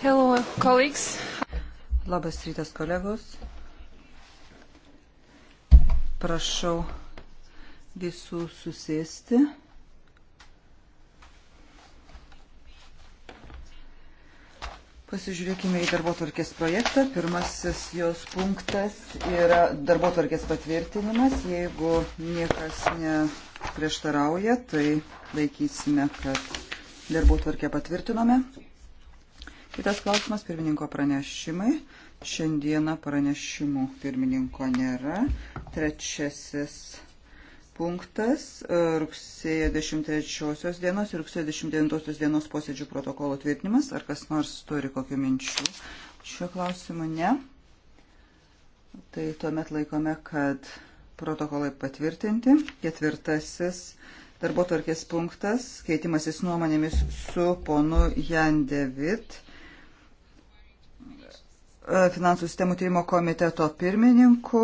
Hello, colleagues. Labas rytas, kolegos. Prašau visų susėsti. Pasižiūrėkime į darbotvarkės projektą. Pirmasis jos punktas yra darbotvarkės patvirtinimas. Jeigu niekas neprieštarauja, tai laikysime, kad darbotvarkę patvirtinome. Kitas klausimas - pirmininko pranešimai. Šiandieną pranešimų pirmininko nėra. Trečiasis punktas e, - rugsėjo 23 dienos ir rugsėjo 29 dienos posėdžių protokolo tvirtinimas. Ar kas nors turi kokių minčių šiuo klausimu? Ne. Tai tuomet laikome, kad protokolai patvirtinti. Ketvirtasis darbo tvarkės punktas - keitimasis nuomonėmis su ponu Jan David E, finansų sistemų tyrimo komiteto pirmininku.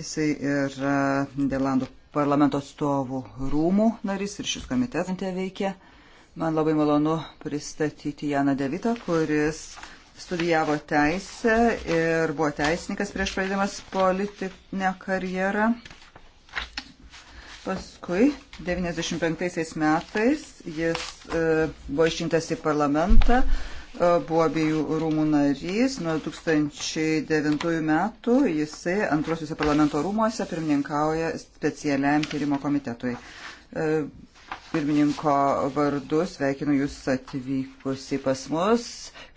Jisai yra Niderlandų parlamento atstovų rūmų narys ir šis komitetas veikia. Man labai malonu pristatyti Janą Devitą, kuris studijavo teisę ir buvo teisininkas prieš pradėdamas politinę karjerą. Paskui 95 metais jis e, buvo išrinktas į parlamentą. E, buvo abiejų rūmų narys. Nuo 2009 metų jisai antrosiuose parlamento rūmuose pirmininkauja specialiam tyrimo komitetui. Pirmininko vardu sveikinu Jūs atvykusi pas mus.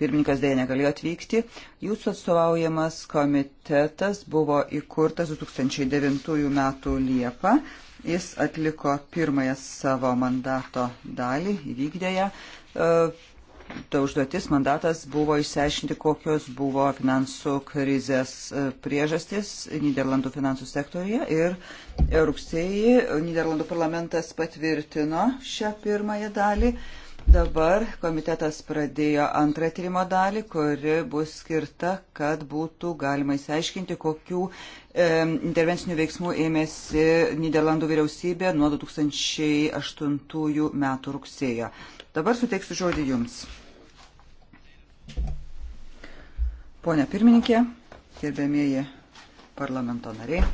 Pirmininkas dėja negalėjo atvykti. Jūsų atstovaujamas komitetas buvo įkurtas 2009 metų Liepą. Jis atliko pirmąją savo mandato dalį, įvykdė ją ta užduotis, mandatas buvo išsiaiškinti, kokios buvo finansų krizės e, priežastis Niderlandų finansų sektorija. Ir rugsėjį Niderlandų parlamentas patvirtino šią pirmąją dalį. Dabar komitetas pradėjo antrą tyrimo dalį, kuri bus skirta, kad būtų galima įsiaiškinti, kokių e, intervencinių veiksmų ėmėsi Niderlandų vyriausybė nuo 2008 metų rugsėjo. Dabar suteiksiu žodį Jums. Pone pirmininkė, gerbėmėji parlamento nariai.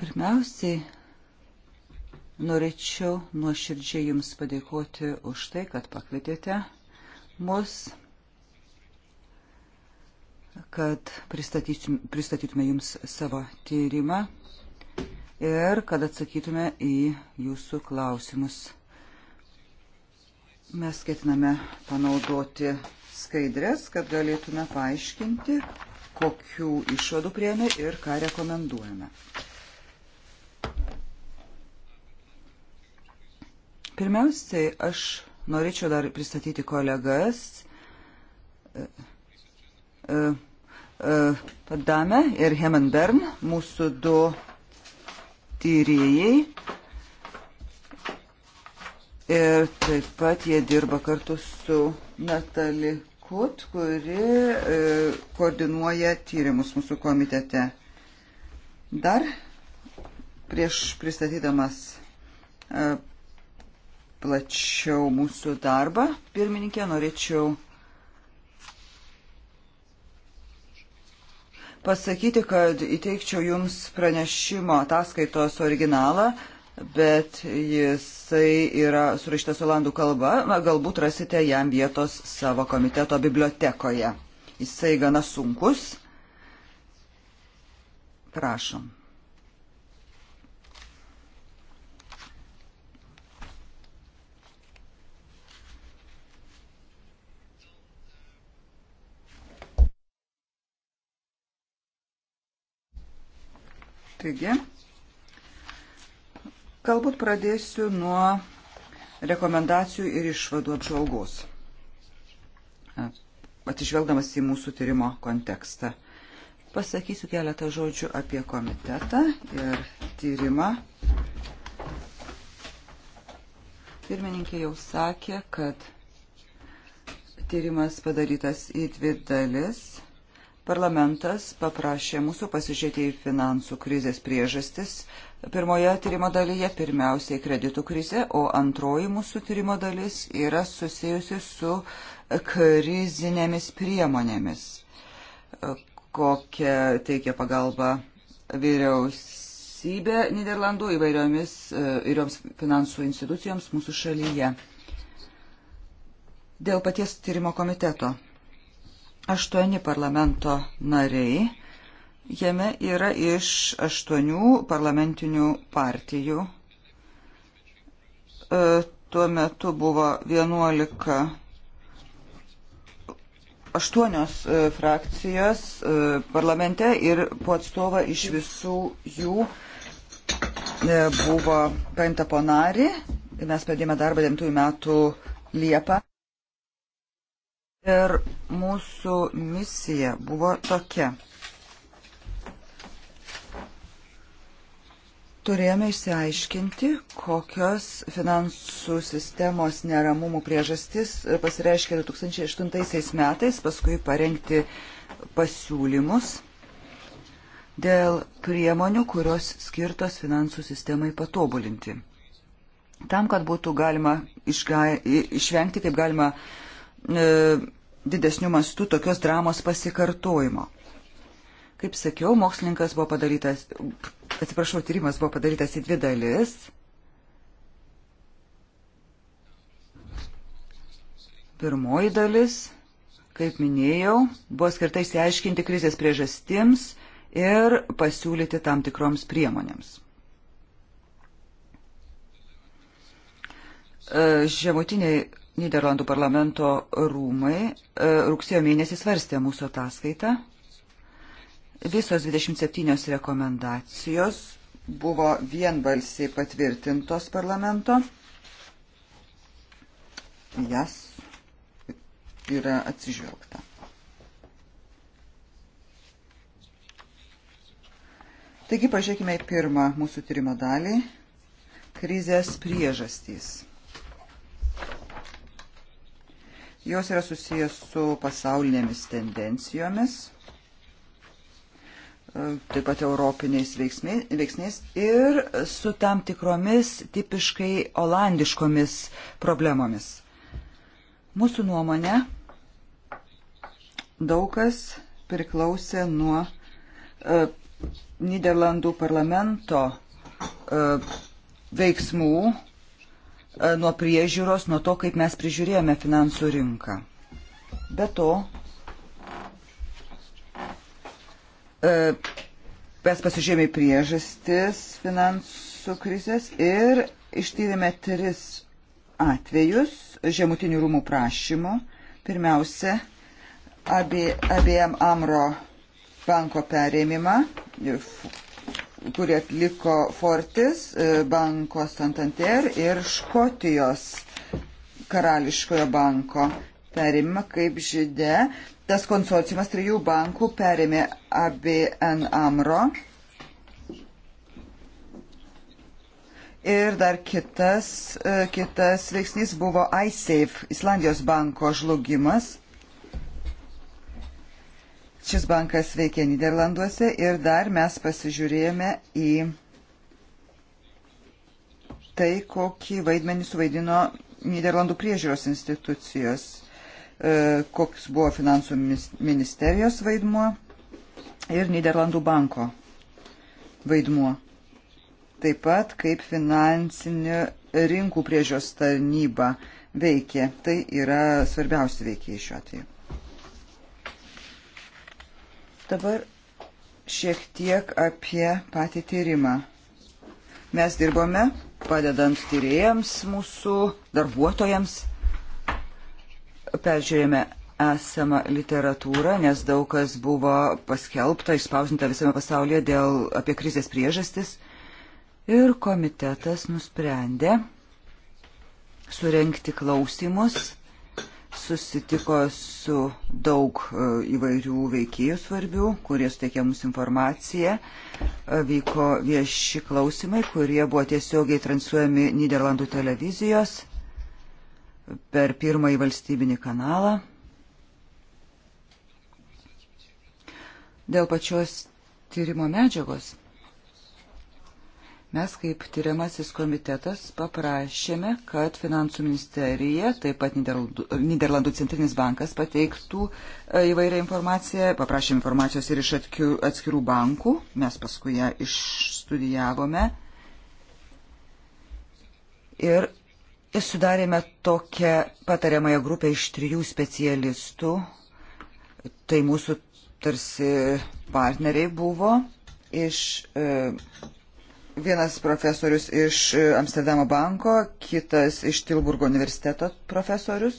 Pirmiausiai Norėčiau nuoširdžiai Jums padėkoti už tai, kad pakvietėte mus, kad pristatytume Jums savo tyrimą ir kad atsakytume į Jūsų klausimus. Mes ketiname panaudoti skaidrės, kad galėtume paaiškinti, kokių išvadų prieme ir ką rekomenduojame. Pirmiausiai, aš norėčiau dar pristatyti kolegas. Padame e, e, e, ir Heman Bern, mūsų du tyrėjai. Ir taip pat jie dirba kartu su Natali Kut, kuri e, koordinuoja tyrimus mūsų komitete. Dar prieš pristatydamas e, plačiau mūsų darbą. Pirmininkė, norėčiau pasakyti, kad įteikčiau Jums pranešimo ataskaitos originalą, bet jisai yra surašytas olandų kalba, galbūt rasite jam vietos savo komiteto bibliotekoje. Jisai gana sunkus. Prašom. Taigi, galbūt pradėsiu nuo rekomendacijų ir išvadų apžvalgos, atsižvelgdamas į mūsų tyrimo kontekstą. Pasakysiu keletą žodžių apie komitetą ir tyrimą. Pirmininkė jau sakė, kad tyrimas padarytas į dvi dalis. Parlamentas paprašė mūsų pasižiūrėti į finansų krizės priežastis. Pirmoje tyrimo dalyje pirmiausiai kreditų krizė, o antroji mūsų tyrimo dalis yra susijusi su krizinėmis priemonėmis, kokią teikia pagalba vyriausybė Niderlandų įvairiomis e, įvairioms finansų institucijoms mūsų šalyje. Dėl paties tyrimo komiteto aštuoni parlamento nariai. Jame yra iš aštuonių parlamentinių partijų. E, tuo metu buvo 11, aštuonios e, frakcijos e, parlamente ir po atstovą iš visų jų buvo paimta po narį. Mes pradėjome darbą 9 metų Liepą. Ir mūsų misija buvo tokia. Turėjome išsiaiškinti, kokios finansų sistemos neramumų priežastis pasireiškė 2008 metais, paskui parengti pasiūlymus dėl priemonių, kurios skirtos finansų sistemai patobulinti. Tam, kad būtų galima išgai, išvengti kaip galima e, didesnių mastų tokios dramos pasikartojimo. Kaip sakiau, mokslininkas buvo padarytas, atsiprašau, tyrimas buvo padarytas į dvi dalis. Pirmoji dalis, kaip minėjau, buvo skirta įsiaiškinti krizės priežastims ir pasiūlyti tam tikroms priemonėms. E, Žemutiniai Niderlandų parlamento rūmai e, rugsėjo mėnesį svarstė mūsų ataskaitą. Visos 27 rekomendacijos buvo vienbalsiai patvirtintos parlamento. Jas yra atsižvelgta. Taigi pažiūrėkime į pirmą mūsų tyrimo dalį - krizės priežastys. Jos yra susijęs su pasaulinėmis tendencijomis, e, taip pat europiniais veiksniais ir su tam tikromis tipiškai olandiškomis problemomis. Mūsų nuomonė daug kas priklausė nuo e, Niderlandų parlamento e, veiksmų E, nuo priežiūros, nuo to, kaip mes prižiūrėjome finansų rinką. Be to, e, mes pasižiūrėjome priežastis finansų krizės ir ištyrėme tris atvejus žemutinių rūmų prašymų. Pirmiausia, abiem Amro banko perėmimą kurį atliko Fortis, e, banko Santander ir Škotijos karališkojo banko perimą kaip žydė. Tas konsorciumas trijų bankų perėmė ABN Amro ir dar kitas, e, kitas veiksnys buvo iSafe, Islandijos banko žlugimas. Šis bankas veikia Niderlanduose ir dar mes pasižiūrėjome į tai, kokį vaidmenį suvaidino Niderlandų priežiūros institucijos, e, koks buvo finansų ministerijos vaidmuo ir Niderlandų banko vaidmuo. Taip pat kaip finansinių rinkų priežios tarnyba veikė. Tai yra svarbiausi veikiai šiuo atveju. Dabar šiek tiek apie patį tyrimą. Mes dirbome padedant tyrėjams mūsų darbuotojams. Peržiūrėjome esamą literatūrą, nes daug kas buvo paskelbta, išspausinta visame pasaulyje dėl apie krizės priežastis. Ir komitetas nusprendė surenkti klausimus susitiko su daug e, įvairių veikėjų svarbių, kurie suteikė mums informaciją. E, vyko vieši klausimai, kurie buvo tiesiogiai transliuojami Niderlandų televizijos per pirmąjį valstybinį kanalą. Dėl pačios tyrimo medžiagos. Mes kaip tyriamasis komitetas paprašėme, kad finansų ministerija, taip pat Niderlandų, Niderlandų centrinis bankas pateiktų e, įvairią informaciją, paprašėme informacijos ir iš atskirų bankų, mes paskui ją išstudijavome ir sudarėme tokią patariamąją grupę iš trijų specialistų, tai mūsų tarsi partneriai buvo iš. E, Vienas profesorius iš e, Amsterdamo banko, kitas iš Tilburgo universiteto profesorius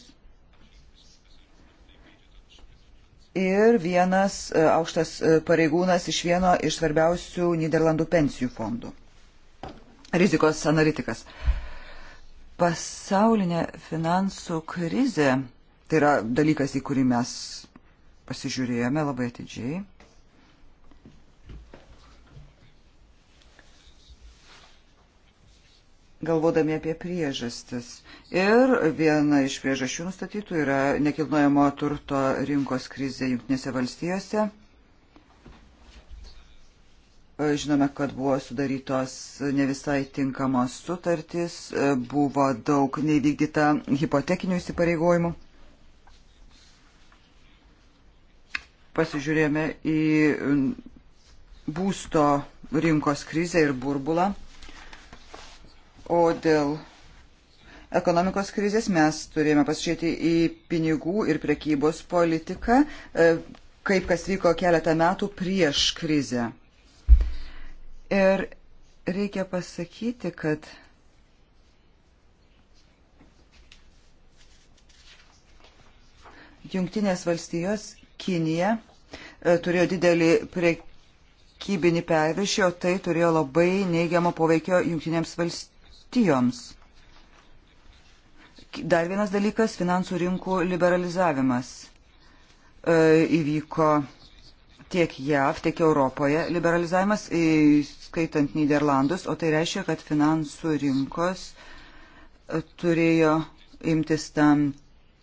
ir vienas e, aukštas e, pareigūnas iš vieno iš svarbiausių Niderlandų pensijų fondų. Rizikos analitikas. Pasaulinė finansų krizė, tai yra dalykas, į kurį mes pasižiūrėjome labai atidžiai, galvodami apie priežastis. Ir viena iš priežasčių nustatytų yra nekilnojamo turto rinkos krizė Junktinėse valstijose. Žinome, kad buvo sudarytos ne visai tinkamos sutartys, buvo daug neįvykdyta hipotekinių įsipareigojimų. Pasižiūrėjome į būsto rinkos krizę ir burbulą. O dėl ekonomikos krizės mes turėjome pasižiūrėti į pinigų ir prekybos politiką, e, kaip kas vyko keletą metų prieš krizę. Ir reikia pasakyti, kad Junktinės valstijos Kinija e, turėjo didelį prekybinį perviršį, o tai turėjo labai neigiamą poveikio Junktinėms valstijoms valstijoms. Dar vienas dalykas - finansų rinkų liberalizavimas. E, įvyko tiek JAV, tiek Europoje liberalizavimas, skaitant Niderlandus, o tai reiškia, kad finansų rinkos e, turėjo imtis tam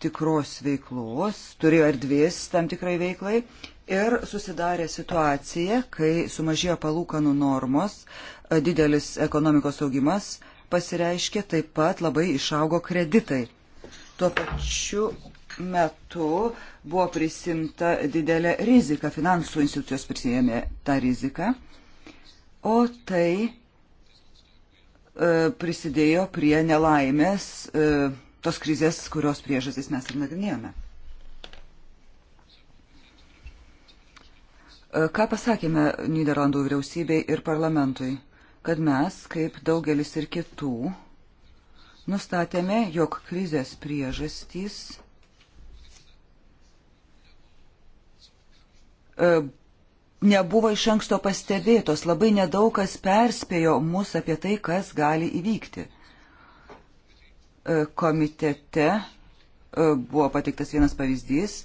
tikros veiklos, turėjo erdvės tam tikrai veiklai ir susidarė situacija, kai sumažėjo palūkanų normos, e, didelis ekonomikos augimas pasireiškė, taip pat labai išaugo kreditai. Tuo pačiu metu buvo prisimta didelė rizika, finansų institucijos prisėmė tą riziką, o tai e, prisidėjo prie nelaimės e, tos krizės, kurios priežastis mes ir nagrinėjome. E, ką pasakėme Niderlandų vyriausybei ir parlamentui? kad mes, kaip daugelis ir kitų, nustatėme, jog krizės priežastys e, nebuvo iš anksto pastebėtos, labai nedaug kas perspėjo mus apie tai, kas gali įvykti. E, komitete e, buvo pateiktas vienas pavyzdys.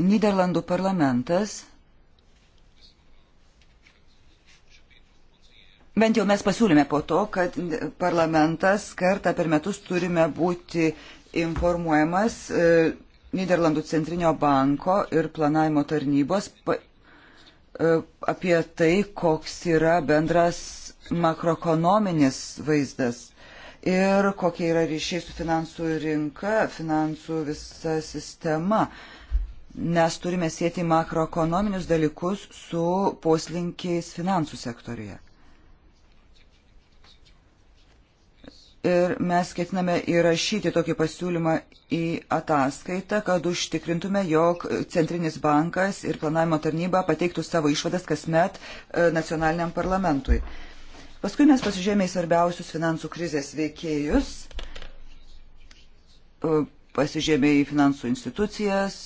Niderlandų parlamentas Bent jau mes pasiūlėme po to, kad parlamentas kartą per metus turime būti informuojamas e, Niderlandų centrinio banko ir planavimo tarnybos pa, e, apie tai, koks yra bendras makroekonominis vaizdas ir kokie yra ryšiai su finansų rinka, finansų visa sistema. Nes turime sėti makroekonominius dalykus su poslinkiais finansų sektoriuje. Ir mes ketiname įrašyti tokį pasiūlymą į ataskaitą, kad užtikrintume, jog Centrinis bankas ir planavimo tarnyba pateiktų savo išvadas kasmet e, nacionaliniam parlamentui. Paskui mes pasižiūrėjome į svarbiausius finansų krizės veikėjus, e, pasižiūrėjome į finansų institucijas,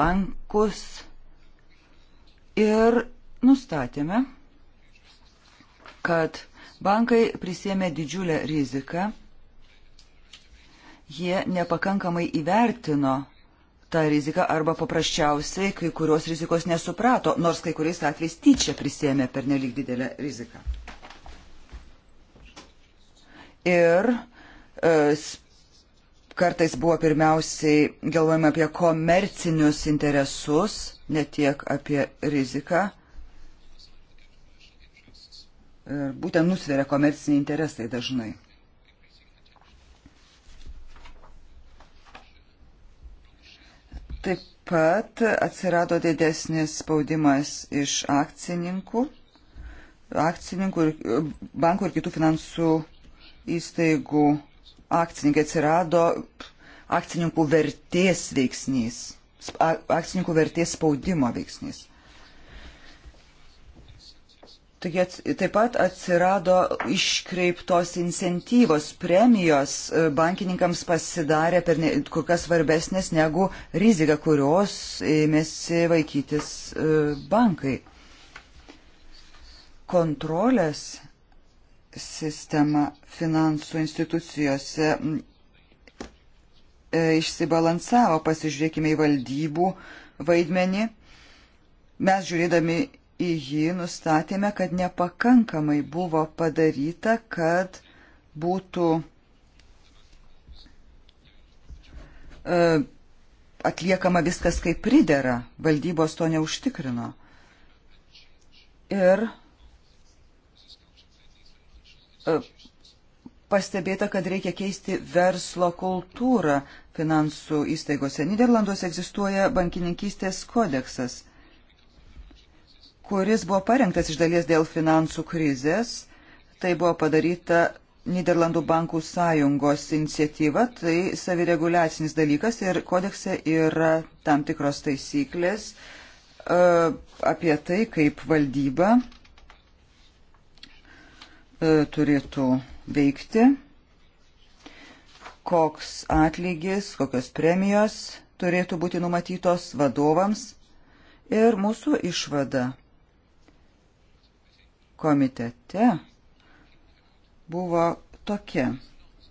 bankus ir nustatėme, kad Bankai prisėmė didžiulę riziką. Jie nepakankamai įvertino tą riziką arba paprasčiausiai kai kurios rizikos nesuprato, nors kai kuriais atvejais tyčia prisėmė per nelik didelę riziką. Ir e, kartais buvo pirmiausiai galvojama apie komercinius interesus, ne tiek apie riziką. Ir būtent nusveria komerciniai interesai dažnai. Taip pat atsirado didesnis spaudimas iš akcininkų, akcininkų ir, bankų ir kitų finansų įstaigų akcininkai atsirado akcininkų vertės veiksnys, akcininkų vertės spaudimo veiksnys. Taigi taip pat atsirado iškreiptos incentyvos, premijos e, bankininkams pasidarė per ne, kur kas svarbesnės negu rizika, kurios ėmėsi vaikytis e, bankai. Kontrolės sistema finansų institucijose e, išsibalansavo, pasižiūrėkime į valdybų vaidmenį. Mes žiūrėdami į jį nustatėme, kad nepakankamai buvo padaryta, kad būtų e, atliekama viskas kaip pridera, valdybos to neužtikrino. Ir e, pastebėta, kad reikia keisti verslo kultūrą finansų įstaigose. Niderlanduose egzistuoja bankininkystės kodeksas kuris buvo parengtas iš dalies dėl finansų krizės. Tai buvo padaryta Niderlandų bankų sąjungos iniciatyva, tai savireguliacinis dalykas ir kodekse yra tam tikros taisyklės e, apie tai, kaip valdyba e, turėtų veikti, koks atlygis, kokios premijos turėtų būti numatytos vadovams ir mūsų išvada komitete buvo tokia.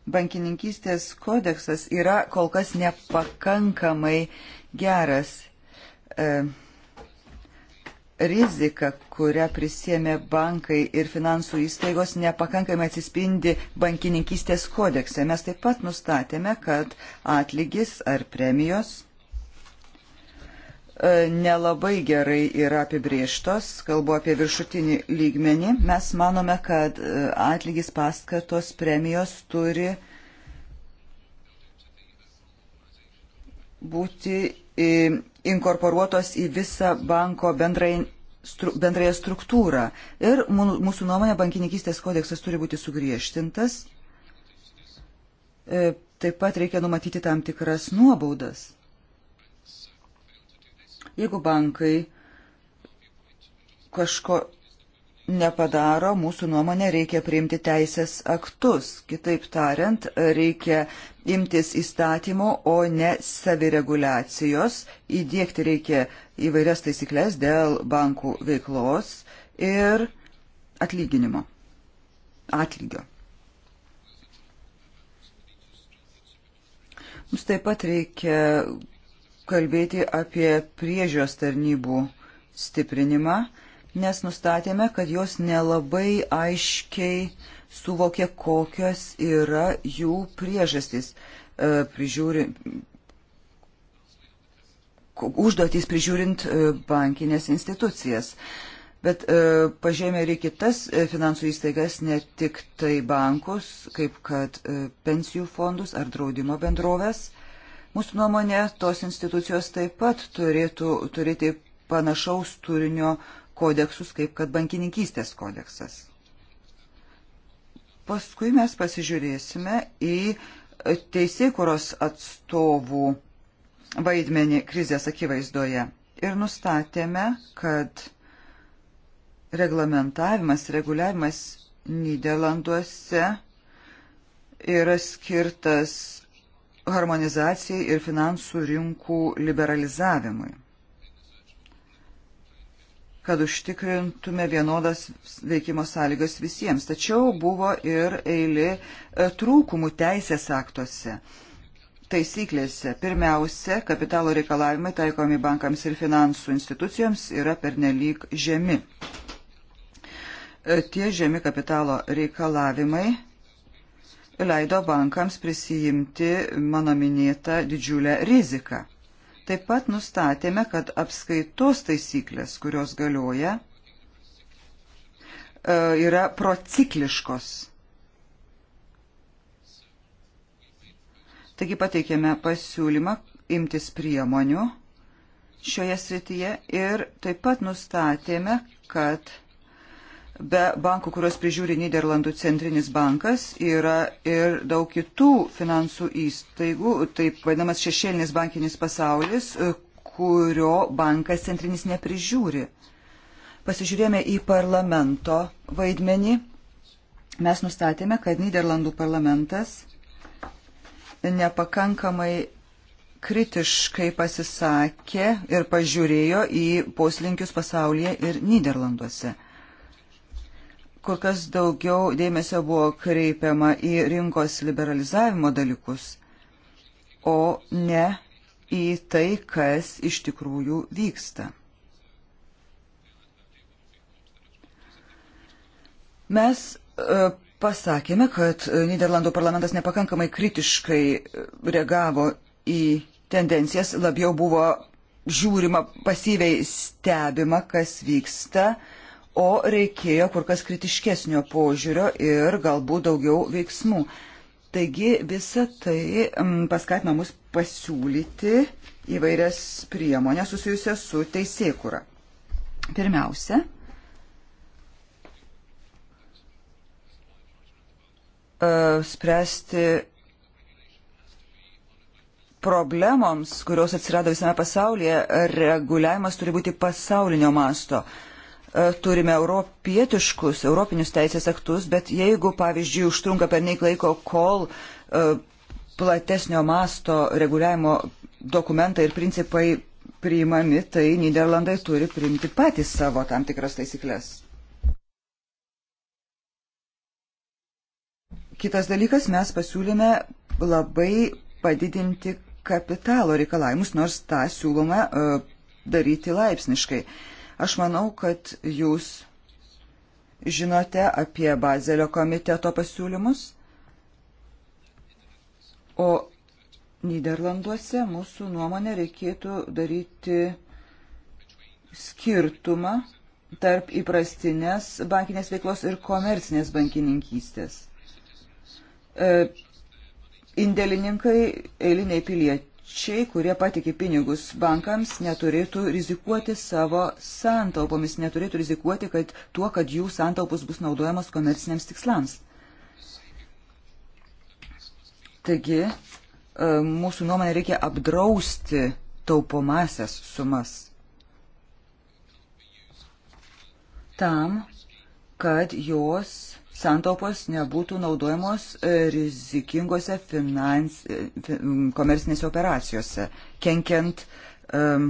Bankininkystės kodeksas yra kol kas nepakankamai geras. E, rizika, kurią prisėmė bankai ir finansų įstaigos, nepakankamai atsispindi bankininkystės kodekse. Mes taip pat nustatėme, kad atlygis ar premijos E, nelabai gerai yra apibrieštos, kalbu apie viršutinį lygmenį. Mes manome, kad e, atlygis paskatos premijos turi būti e, inkorporuotos į visą banko bendrąją stru, struktūrą. Ir mūsų nuomonė, bankininkystės kodeksas turi būti sugriežtintas. Taip pat reikia numatyti tam tikras nuobaudas Jeigu bankai kažko nepadaro, mūsų nuomonė reikia priimti teisės aktus. Kitaip tariant, reikia imtis įstatymo, o ne savireguliacijos. Įdėkti reikia įvairias taisyklės dėl bankų veiklos ir atlyginimo. Atlygio. Mums taip pat reikia kalbėti apie priežios tarnybų stiprinimą, nes nustatėme, kad jos nelabai aiškiai suvokė, kokios yra jų priežastys. E, prižiūri, užduotys prižiūrint e, bankinės institucijas. Bet e, pažėmė ir kitas e, finansų įstaigas, ne tik tai bankus, kaip kad e, pensijų fondus ar draudimo bendrovės. Mūsų nuomonė, tos institucijos taip pat turėtų turėti panašaus turinio kodeksus, kaip kad bankininkystės kodeksas. Paskui mes pasižiūrėsime į teisėkuros atstovų vaidmenį krizės akivaizdoje. Ir nustatėme, kad reglamentavimas, reguliavimas Niderlanduose yra skirtas harmonizacijai ir finansų rinkų liberalizavimui, kad užtikrintume vienodas veikimo sąlygas visiems. Tačiau buvo ir eilė e, trūkumų teisės aktuose. Taisyklėse pirmiausia, kapitalo reikalavimai taikomi bankams ir finansų institucijoms yra pernelyg žemi. E, tie žemi kapitalo reikalavimai leido bankams prisijimti mano minėtą didžiulę riziką. Taip pat nustatėme, kad apskaitos taisyklės, kurios galioja, e, yra procikliškos. Taigi pateikėme pasiūlymą imtis priemonių šioje srityje ir taip pat nustatėme, kad Be bankų, kuriuos prižiūri Niderlandų centrinis bankas, yra ir daug kitų finansų įstaigų, taip vadinamas šešėlinis bankinis pasaulis, e, kurio bankas centrinis neprižiūri. Pasižiūrėjome į parlamento vaidmenį. Mes nustatėme, kad Niderlandų parlamentas nepakankamai kritiškai pasisakė ir pažiūrėjo į poslinkius pasaulyje ir Niderlanduose kur kas daugiau dėmesio buvo kreipiama į rinkos liberalizavimo dalykus, o ne į tai, kas iš tikrųjų vyksta. Mes e, pasakėme, kad Niderlandų parlamentas nepakankamai kritiškai e, reagavo į tendencijas, labiau buvo žiūrima pasyviai stebima, kas vyksta o reikėjo kur kas kritiškesnio požiūrio ir galbūt daugiau veiksmų. Taigi visa tai mm, paskatino mus pasiūlyti įvairias priemonės susijusias su teisėkura. Pirmiausia, e, spręsti problemoms, kurios atsirado visame pasaulyje, reguliavimas turi būti pasaulinio masto. E, turime europietiškus, europinius teisės aktus, bet jeigu, pavyzdžiui, užtrunka per neik laiko, kol e, platesnio masto reguliavimo dokumentai ir principai priimami, tai Niderlandai turi priimti patys savo tam tikras taisyklės. Kitas dalykas, mes pasiūlėme labai padidinti kapitalo reikalavimus, nors tą siūloma e, daryti laipsniškai. Uh, Aš manau, kad jūs žinote apie Bazelio komiteto pasiūlymus, o Niderlanduose mūsų nuomonė reikėtų daryti skirtumą tarp įprastinės bankinės veiklos ir komercinės bankininkystės. E, indėlininkai, eiliniai piliečiai sukčiai, kurie patikė pinigus bankams, neturėtų rizikuoti savo santaupomis, neturėtų rizikuoti kad tuo, kad jų santaupus bus naudojamos komerciniams tikslams. Taigi, e, mūsų nuomonė reikia apdrausti taupomasias sumas. Tam, kad jos santaupos nebūtų naudojamos e, rizikingose finans, e, komersinėse operacijose, kenkiant um,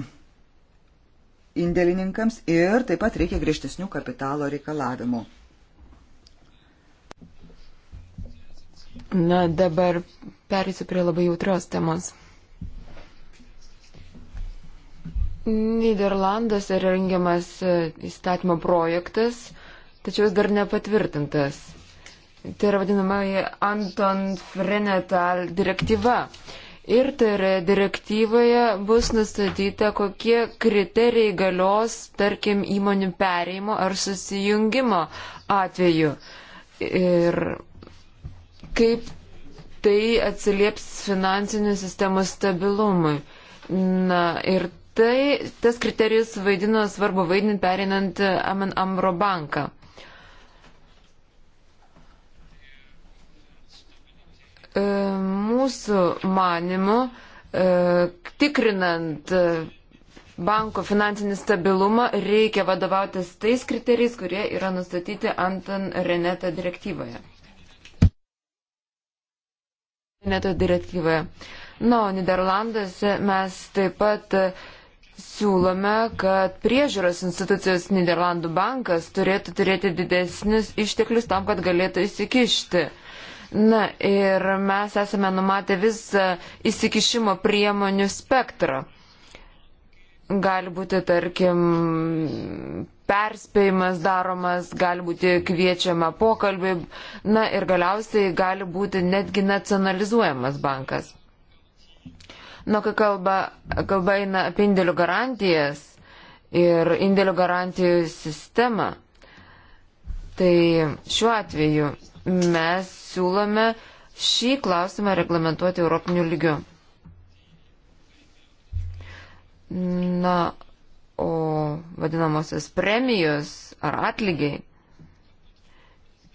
indėlininkams ir taip pat reikia griežtesnių kapitalo reikalavimų. Na, dabar perėsiu prie labai jautrios temos. Niderlanduose rengiamas e, įstatymo projektas, tačiau jis dar nepatvirtintas. Tai yra vadinamoji Anton Frenetal direktyva. Ir tai yra direktyvoje bus nustatyta, kokie kriterijai galios, tarkim, įmonių pereimo ar susijungimo atveju. Ir kaip tai atsilieps finansinių sistemų stabilumui. Na ir tai, tas kriterijus vaidino svarbu vaidinti pereinant Aman Amro banką. E, mūsų manimu, e, tikrinant e, banko finansinį stabilumą, reikia vadovautis tais kriterijais, kurie yra nustatyti Anton Reneta direktyvoje. Reneta direktyvoje. Na, o Niderlanduose mes taip pat siūlome, kad priežiūros institucijos Niderlandų bankas turėtų turėti didesnius išteklius tam, kad galėtų įsikišti. Uh, Na ir mes esame numatę visą e, įsikišimo priemonių spektrą. Gali būti, tarkim, perspėjimas daromas, gali būti kviečiama pokalbiai, na ir galiausiai gali būti netgi nacionalizuojamas bankas. Nu, kai kalba, kalba eina apie indėlių garantijas ir indėlių garantijų sistemą, tai šiuo atveju mes siūlome šį klausimą reglamentuoti Europiniu lygiu. Na, o vadinamosios premijos ar atlygiai,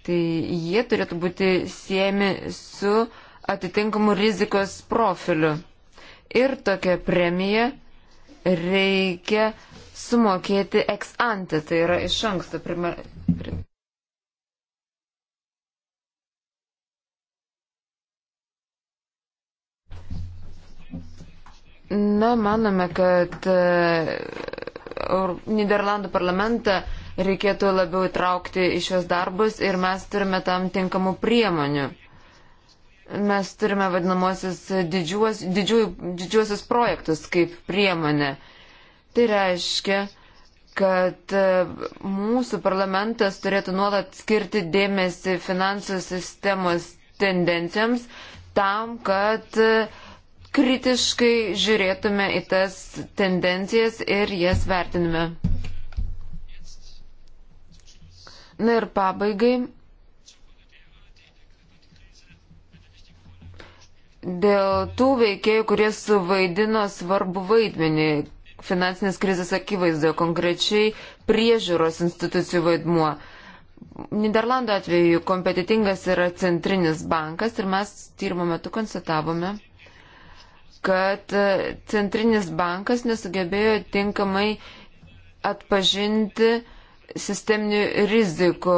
tai jie turėtų būti siejami su atitinkamu rizikos profiliu. Ir tokią premiją reikia sumokėti ex ante, tai yra iš anksto, Na, manome, kad e, Niderlandų parlamentą reikėtų labiau įtraukti į šios darbus ir mes turime tam tinkamų priemonių. Mes turime vadinamosius didžiuos, didžiu, didžiuosius projektus kaip priemonę. Tai reiškia, kad e, mūsų parlamentas turėtų nuolat skirti dėmesį finansų sistemos tendencijams tam, kad uh, kritiškai žiūrėtume į tas tendencijas ir jas vertinime. Na ir pabaigai. Dėl tų veikėjų, kurie suvaidino svarbu vaidmenį finansinės krizės akivaizdoje, konkrečiai priežiūros institucijų vaidmuo. Niderlandų atveju kompetitingas yra centrinis bankas ir mes tyrimo metu konstatavome, kad e, centrinis bankas nesugebėjo tinkamai atpažinti sisteminių rizikų.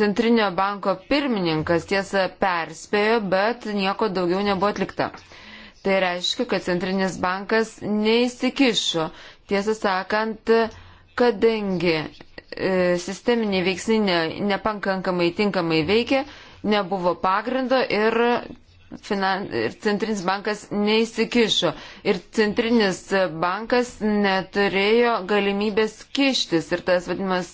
Centrinio banko pirmininkas tiesa perspėjo, bet nieko daugiau nebuvo atlikta. Tai reiškia, kad centrinis bankas neįsikišo. Tiesą sakant, kadangi e, sisteminiai veiksniai nepankankamai tinkamai veikia, nebuvo pagrindo ir finan... ir centrinis bankas neįsikišo. Ir centrinis bankas neturėjo galimybės kištis. Ir tas vadinamas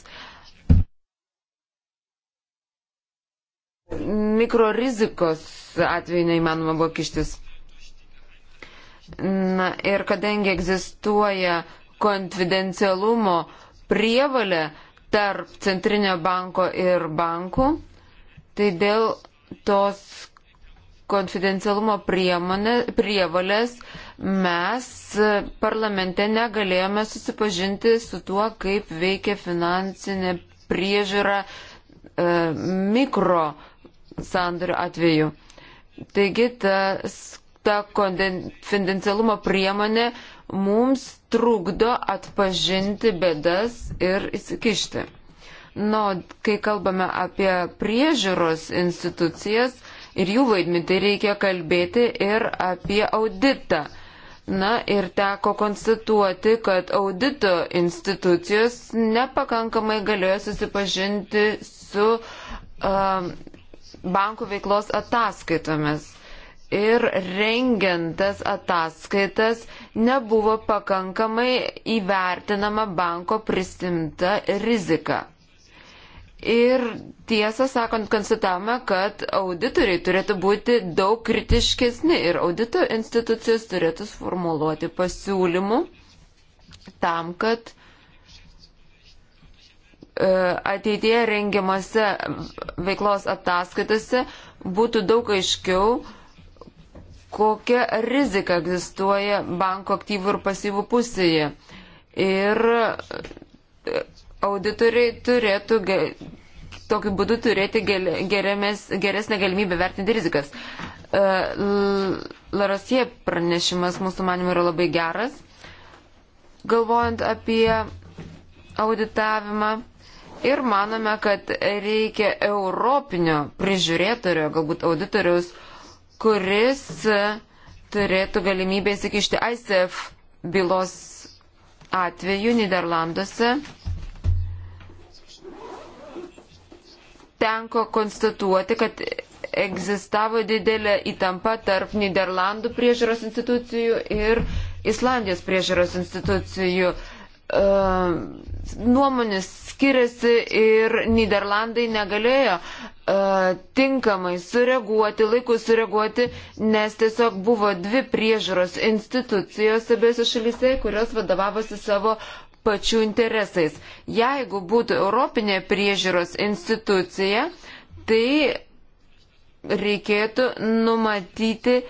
mikrorizikos atveju neįmanoma buvo kištis. Na ir kadangi egzistuoja konfidencialumo prievalė tarp centrinio banko ir bankų, tai dėl tos konfidencialumo priemonė, prievalės mes parlamente negalėjome susipažinti su tuo, kaip veikia finansinė priežiūra e, mikro sandorių atveju. Taigi tas, ta konfidencialumo priemonė mums trukdo atpažinti bėdas ir įsikišti. Na, nu, kai kalbame apie priežiūros institucijas, ir jų vaidmenį, tai reikia kalbėti ir apie auditą. Na ir teko konstatuoti, kad audito institucijos nepakankamai galėjo susipažinti su um, bankų veiklos ataskaitomis. Ir rengiantas ataskaitas nebuvo pakankamai įvertinama banko prisimta rizika. Ir tiesą sakant, konstatavome, kad auditoriai turėtų būti daug kritiškesni ir audito institucijos turėtų sformuluoti pasiūlymų tam, kad e, ateitie rengiamose veiklos ataskaitose būtų daug aiškiau, kokia rizika egzistuoja banko aktyvų ir pasyvų pusėje. Ir e, auditoriai turėtų tokiu būdu turėti geremės, geresnę galimybę vertinti rizikas. E, Larosie pranešimas mūsų manimu yra labai geras. Galvojant apie auditavimą ir manome, kad reikia europinio prižiūrėtorio, galbūt auditoriaus, kuris turėtų galimybę įsikišti ICF bylos atveju Niderlanduose. tenko konstatuoti, kad egzistavo didelė įtampa tarp Niderlandų priežiūros institucijų ir Islandijos priežiūros institucijų. Uh, nuomonės skiriasi ir Niderlandai negalėjo uh, tinkamai sureaguoti, laiku sureaguoti, nes tiesiog buvo dvi priežiūros institucijos abiejose šalyse, kurios vadovavosi savo pačių interesais. Jeigu būtų Europinė priežiūros institucija, tai reikėtų numatyti e,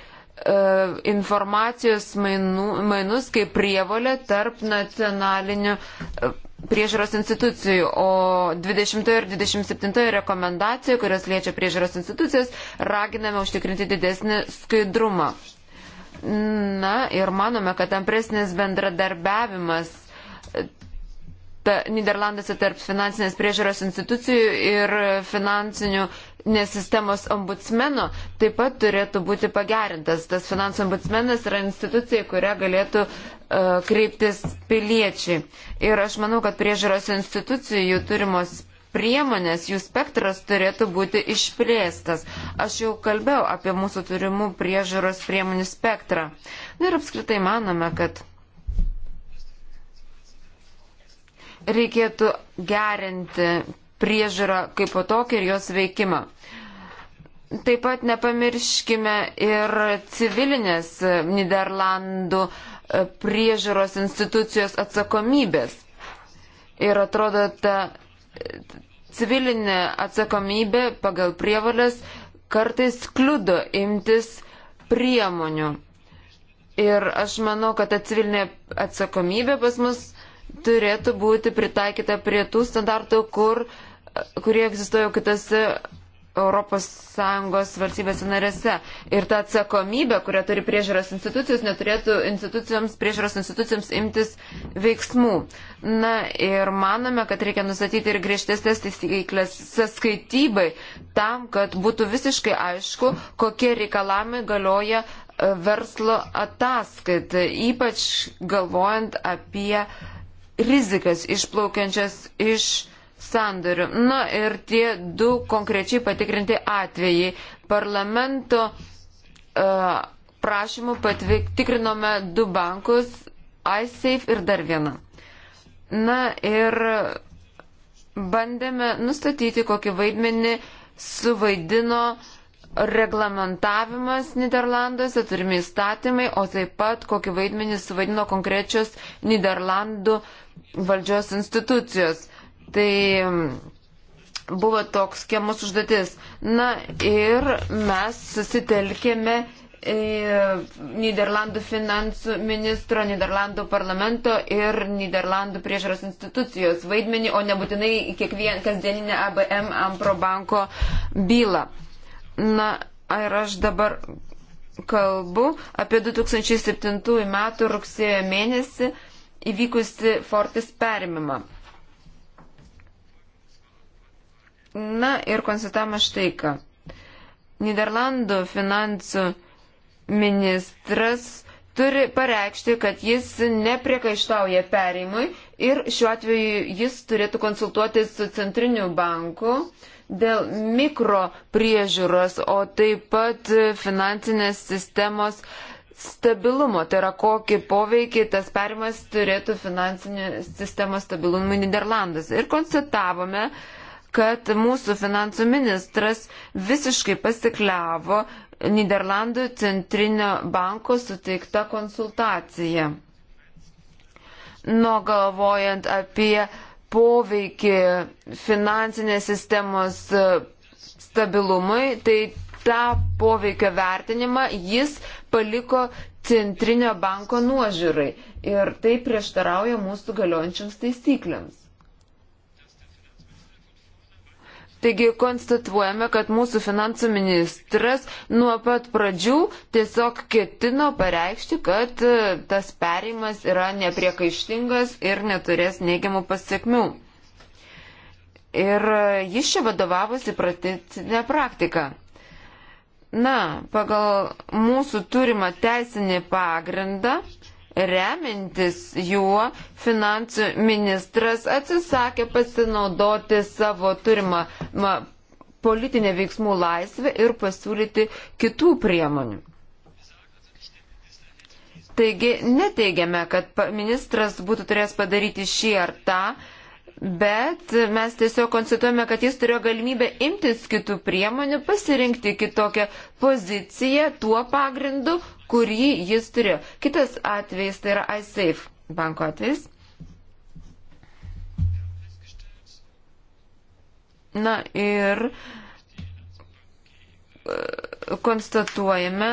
informacijos mainų, mainus kaip prievolė tarp nacionalinių e, priežiūros institucijų, o 20 ir 27 rekomendacijų, kurios liečia priežiūros institucijas, raginame užtikrinti didesnį skaidrumą. Na ir manome, kad tampresnis bendradarbiavimas ta, Niderlanduose tarp finansinės priežiūros institucijų ir finansinių nesistemos ombudsmeno taip pat turėtų būti pagerintas. Tas finansų ombudsmenas yra institucija, kurią galėtų uh, kreiptis piliečiai. Ir aš manau, kad priežiūros institucijų turimos priemonės, jų spektras turėtų būti išplėstas. Aš jau kalbėjau apie mūsų turimų priežiūros priemonių spektrą. Na ir apskritai manome, kad reikėtų gerinti priežiūrą kaip po tokį ir jos veikimą. Taip pat nepamirškime ir civilinės Niderlandų e, priežiūros institucijos atsakomybės. Ir atrodo, ta e, civilinė atsakomybė pagal prievalės kartais kliudo imtis priemonių. Ir aš manau, kad ta civilinė atsakomybė pas mus turėtų būti pritaikyta prie tų standartų, kur, kurie egzistuoja kitose ES valstybėse narėse. Ir ta atsakomybė, kurią turi priežiūros institucijos, neturėtų institucijoms, priežiūros institucijoms imtis veiksmų. Na ir manome, kad reikia nustatyti ir griežtesnės taisyklės saskaitybai tam, kad būtų visiškai aišku, kokie reikalami galioja e, verslo ataskaitai, ypač galvojant apie uh, rizikas išplaukiančias iš sandorių. Na ir tie du konkrečiai patikrinti atvejai. Parlamento uh, e, prašymų patikrinome du bankus, iSafe ir dar vieną. Na ir bandėme nustatyti, kokį vaidmenį suvaidino reglamentavimas Niderlanduose, turimi įstatymai, o taip pat kokį vaidmenį suvaidino konkrečios Niderlandų uh, valdžios institucijos. Tai mm, buvo toks kiemos užduotis. Na ir mes susitelkėme į Niderlandų finansų ministro, Niderlandų parlamento ir Niderlandų priežaros institucijos vaidmenį, o nebūtinai kiekvien kasdieninę ABM Ampro banko bylą. Na ir aš dabar kalbu apie 2007 metų rugsėjo mėnesį įvykusi Fortis perimimą. Na ir konstatavome štai ką. Niderlandų finansų ministras turi pareikšti, kad jis nepriekaištauja perimui ir šiuo atveju jis turėtų konsultuotis su centriniu banku dėl mikro priežiūros, o taip pat finansinės sistemos uh, stabilumo, tai yra kokį poveikį tas perimas turėtų finansinio sistemos stabilumui Niderlandas. Ir konstatavome, kad mūsų finansų ministras visiškai pasikliavo Niderlandų centrinio banko suteikta konsultacija. Nuo galvojant apie poveikį finansinės sistemos stabilumui, tai tą poveikio vertinimą jis paliko centrinio banko nuožiūrai ir tai prieštarauja mūsų galiojančiams taisyklėms. Taigi konstatuojame, kad mūsų finansų ministras nuo pat pradžių tiesiog ketino pareikšti, kad e, tas perėjimas yra nepriekaištingas ir neturės neigiamų pasiekmių. Ir e, jis čia vadovavosi praticinę praktiką. Na, pagal mūsų turimą teisinį pagrindą, remintis juo, finansų ministras atsisakė pasinaudoti savo turimą ma, politinę veiksmų laisvę ir pasiūlyti kitų priemonių. Taigi neteigiame, kad ministras būtų turėjęs padaryti šį ar tą, Bet mes tiesiog konstatuojame, kad jis turėjo galimybę imtis kitų priemonių, pasirinkti kitokią poziciją tuo pagrindu, kurį jis turėjo. Kitas atvejis tai yra iSafe banko atvejis. Na ir e, konstatuojame,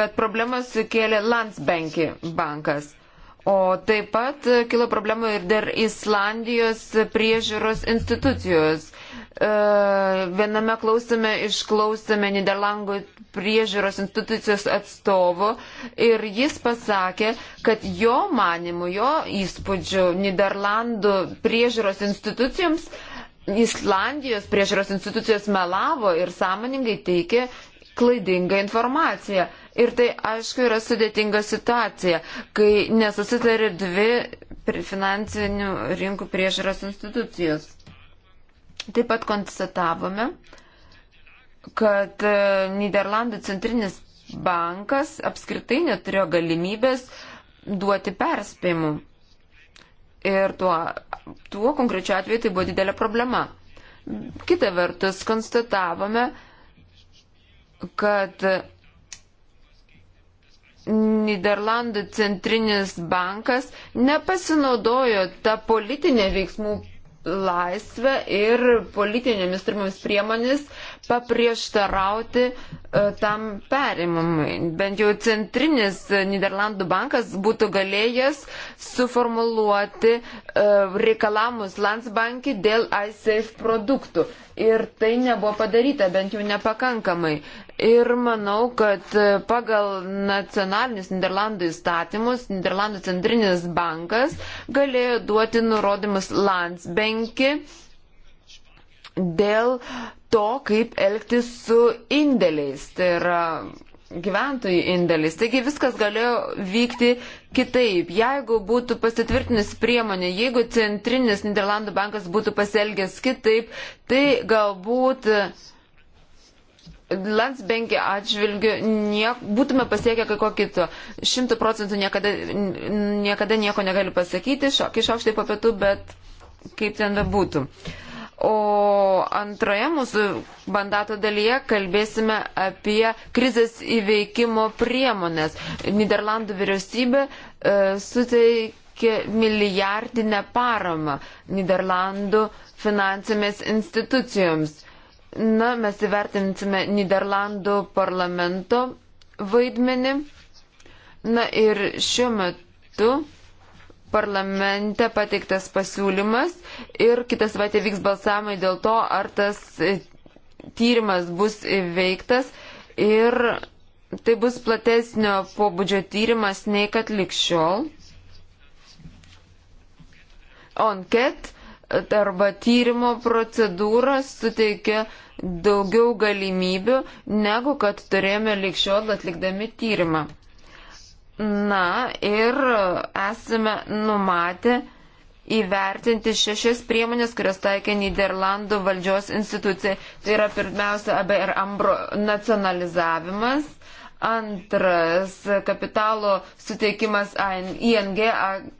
kad problemą sukėlė Landsbanki bankas. O taip pat kilo problemų ir dar Islandijos priežiūros institucijos. E, viename klausime išklausėme Niderlandų priežiūros institucijos atstovo ir jis pasakė, kad jo manimu, jo įspūdžiu Niderlandų priežiūros institucijoms Islandijos priežiūros institucijos melavo ir sąmoningai teikė klaidingą informaciją. Ir tai, aišku, yra sudėtinga situacija, kai nesusitarė dvi finansinių rinkų priežiūros institucijos. Taip pat konstatavome, kad e, Niderlandų centrinis bankas apskritai neturėjo galimybės duoti perspėjimų. Ir tuo, tuo konkrečiu atveju tai buvo didelė problema. Kita vertus, konstatavome, kad Niderlandų centrinis bankas nepasinaudojo tą politinę veiksmų laisvę ir politinėmis turimomis priemonės paprieštarauti e, tam perimumui. Bent jau centrinis Niderlandų bankas būtų galėjęs suformuluoti e, reikalamus Landsbankį dėl iSafe produktų. Ir tai nebuvo padaryta, bent jau nepakankamai. Ir manau, kad pagal nacionalinius Niderlandų įstatymus Niderlandų centrinis bankas galėjo duoti nurodymus Landsbenki dėl to, kaip elgtis su indėliais. Tai yra gyventojų indėlis. Taigi viskas galėjo vykti kitaip. Jeigu būtų pasitvirtinus priemonė, jeigu centrinis Niderlandų bankas būtų pasielgęs kitaip, tai galbūt uh, Landsbenkė atžvilgių niek, būtume pasiekę kai ko kito. Šimtų procentų niekada, niekada nieko negaliu pasakyti, šok, iš aukštai po pietų, bet kaip ten bebūtų. O antroje mūsų bandato dalyje kalbėsime apie krizės įveikimo priemonės. Niderlandų vyriausybė e, suteikė teikia milijardinę paramą Niderlandų finansinėms institucijoms. Na, mes įvertinsime Niderlandų parlamento vaidmenį. Na ir šiuo metu parlamente pateiktas pasiūlymas ir kitą savaitę vyks balsamai dėl to, ar tas e, tyrimas bus įveiktas ir tai bus platesnio pobūdžio tyrimas nei kad likščiol. Onket arba tyrimo procedūra suteikia daugiau galimybių, negu kad turėjome likščiol atlikdami tyrimą. Na ir esame numatę įvertinti šešias priemonės, kurias taikė Niderlandų valdžios institucija. Tai yra pirmiausia ABR Ambro nacionalizavimas Antras kapitalo suteikimas ING,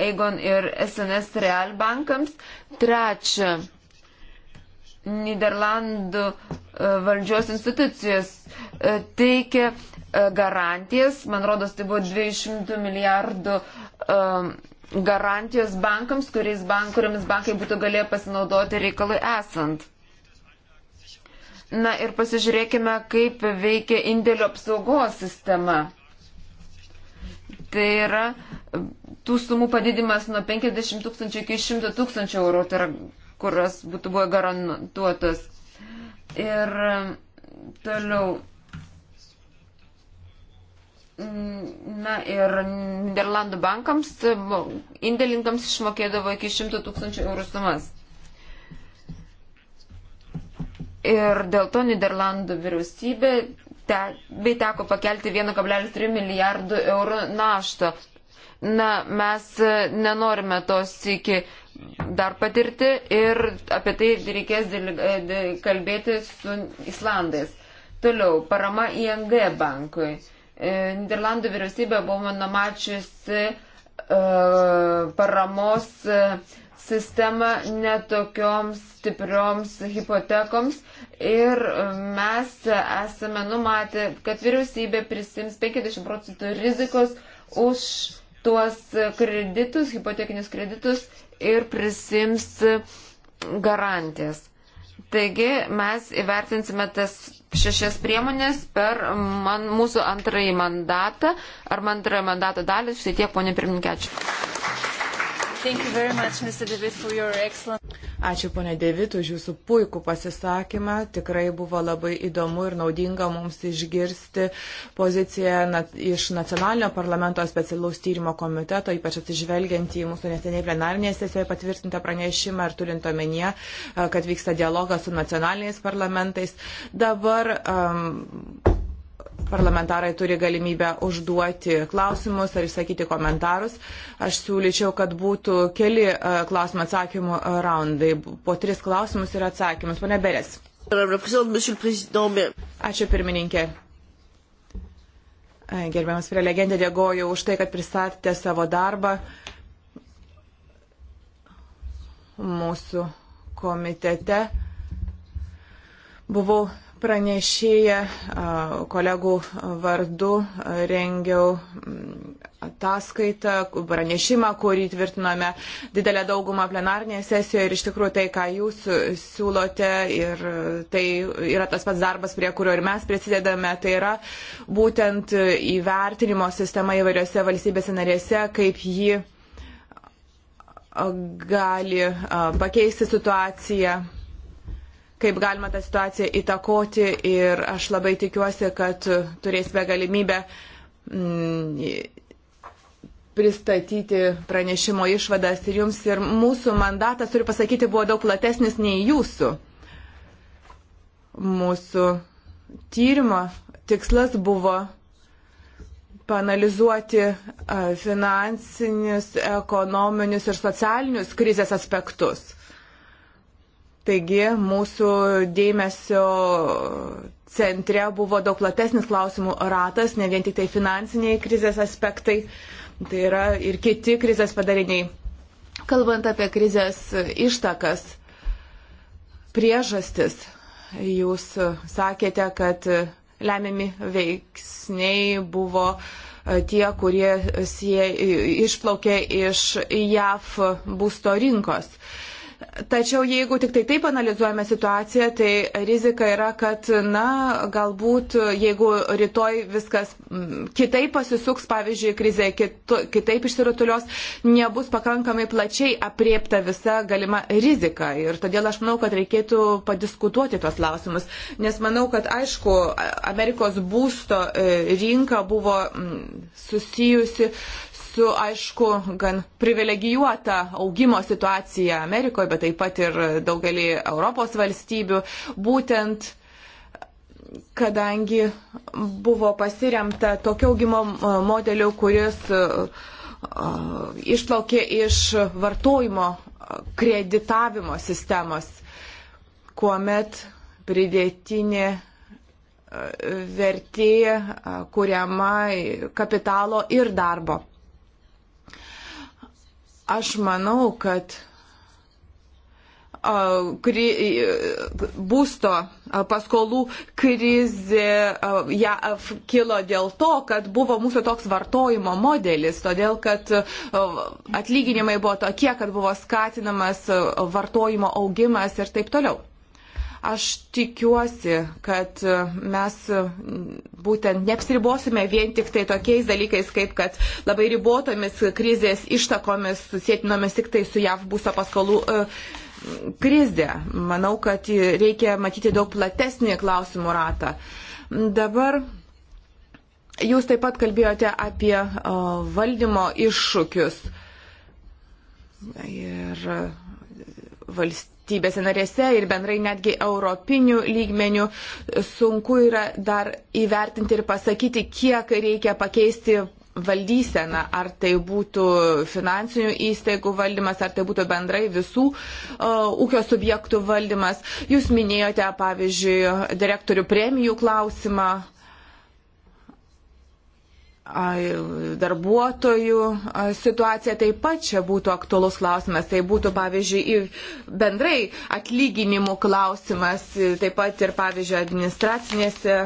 Egon ir SNS Real bankams. Trečia. Niderlandų e, valdžios institucijos e, teikia e, garantijas, man rodos, tai buvo 200 milijardų garantijos bankams, kuriais bank, kuriamis bankai būtų galėję pasinaudoti reikalui esant. Na ir pasižiūrėkime, kaip veikia indėlio apsaugos sistema. Tai yra tų sumų padidimas nuo 50 tūkstančių iki 100 tūkstančių eurų, tai yra, kurios būtų buvo garantuotos. Ir toliau. Na ir Niderlandų bankams, indėlinkams išmokėdavo iki 100 tūkstančių eurų sumas. Ir dėl to Niderlandų vyriausybė te, bei teko pakelti 1,3 milijardų eurų naštą. Na, mes e, nenorime tos iki dar patirti ir apie tai reikės e, kalbėti su Islandais. Toliau, parama ING bankui. E, Niderlandų vyriausybė buvo numačiusi uh, paramos uh, sistemą netokioms stiprioms hipotekoms ir mes esame numatę, kad vyriausybė prisims 50 procentų rizikos už tuos kreditus, hipotekinius kreditus ir prisims garantijas. Taigi mes įvertinsime tas šešias priemonės per man, mūsų antrąjį mandatą ar antrąjį mandato dalį. Štai tiek, ponė pirmininkė, ačiū. Much, David, Ačiū, ponė David, už jūsų puikų pasisakymą. Tikrai buvo labai įdomu ir naudinga mums išgirsti poziciją iš nacionalinio parlamento specialaus tyrimo komiteto, ypač atsižvelgiant į mūsų neseniai plenarnėje sesijoje patvirtintą pranešimą ir turint omenyje, kad vyksta dialogas su nacionaliniais parlamentais. Dabar um, parlamentarai turi galimybę užduoti klausimus ar išsakyti komentarus. Aš siūlyčiau, kad būtų keli e, klausimų atsakymų e, raundai, po tris klausimus ir atsakymus. Pane Beres. Ačiū pirmininkė. E, gerbiamas prelegentė, dėkoju už tai, kad pristatėte savo darbą mūsų komitete. Buvau pranešėja kolegų vardu rengiau mm, ataskaitą, pranešimą, kurį tvirtinome didelę daugumą plenarnėje sesijoje ir iš tikrųjų tai, ką jūs siūlote ir tai yra tas pats darbas, prie kurio ir mes prisidedame, tai yra būtent įvertinimo sistema įvairiose valstybėse narėse, kaip ji gali pakeisti situaciją kaip galima tą situaciją įtakoti ir aš labai tikiuosi, kad turėsime galimybę mm, pristatyti pranešimo išvadas ir jums ir mūsų mandatas, turiu pasakyti, buvo daug platesnis nei jūsų. Mūsų tyrimo tikslas buvo panalizuoti finansinius, ekonominius ir socialinius krizės aspektus. Taigi mūsų dėmesio centre buvo daug platesnis klausimų ratas, ne vien tik tai finansiniai krizės aspektai, tai yra ir kiti krizės padariniai. Kalbant apie krizės ištakas, priežastis, jūs sakėte, kad lemiami veiksniai buvo e, tie, kurie sie, išplaukė iš JAF būsto rinkos. Uh, Tačiau jeigu tik tai taip analizuojame situaciją, tai rizika yra, kad, na, galbūt jeigu rytoj viskas mm, kitaip pasisuks, pavyzdžiui, krizė kitu, kitaip išsirutulios, nebus pakankamai plačiai apriepta visa galima rizika. Ir todėl aš manau, kad reikėtų padiskutuoti tuos klausimus. Nes manau, kad, aišku, Amerikos būsto e, rinka buvo mm, susijusi su, aišku, gan privilegijuota augimo situacija Amerikoje, bet taip pat ir daugelį Europos valstybių, būtent kadangi buvo pasiremta tokio augimo modeliu, kuris išplaukė iš vartojimo kreditavimo sistemos, kuomet pridėtinė vertė kuriama kapitalo ir darbo. Aš manau, kad kri, būsto paskolų krizė ja, kilo dėl to, kad buvo mūsų toks vartojimo modelis, todėl kad atlyginimai buvo tokie, kad buvo skatinamas vartojimo augimas ir taip toliau. Aš tikiuosi, kad mes būtent neapsiribosime vien tik tai tokiais dalykais, kaip kad labai ribotomis krizės ištakomis susėtinomis tik tai su JAV būsto paskolų e, krizė. Manau, kad reikia matyti daug platesnį klausimų ratą. Dabar jūs taip pat kalbėjote apie e, valdymo iššūkius. Ir valstybė valstybėse narėse ir bendrai netgi europinių lygmenių sunku yra dar įvertinti ir pasakyti, kiek reikia pakeisti valdyseną, ar tai būtų finansinių įstaigų valdymas, ar tai būtų bendrai visų uh, ūkio subjektų valdymas. Jūs minėjote, pavyzdžiui, direktorių premijų klausimą darbuotojų situacija taip pat čia būtų aktuolus klausimas. Tai būtų, pavyzdžiui, bendrai atlyginimų klausimas, taip pat ir, pavyzdžiui, administracinėse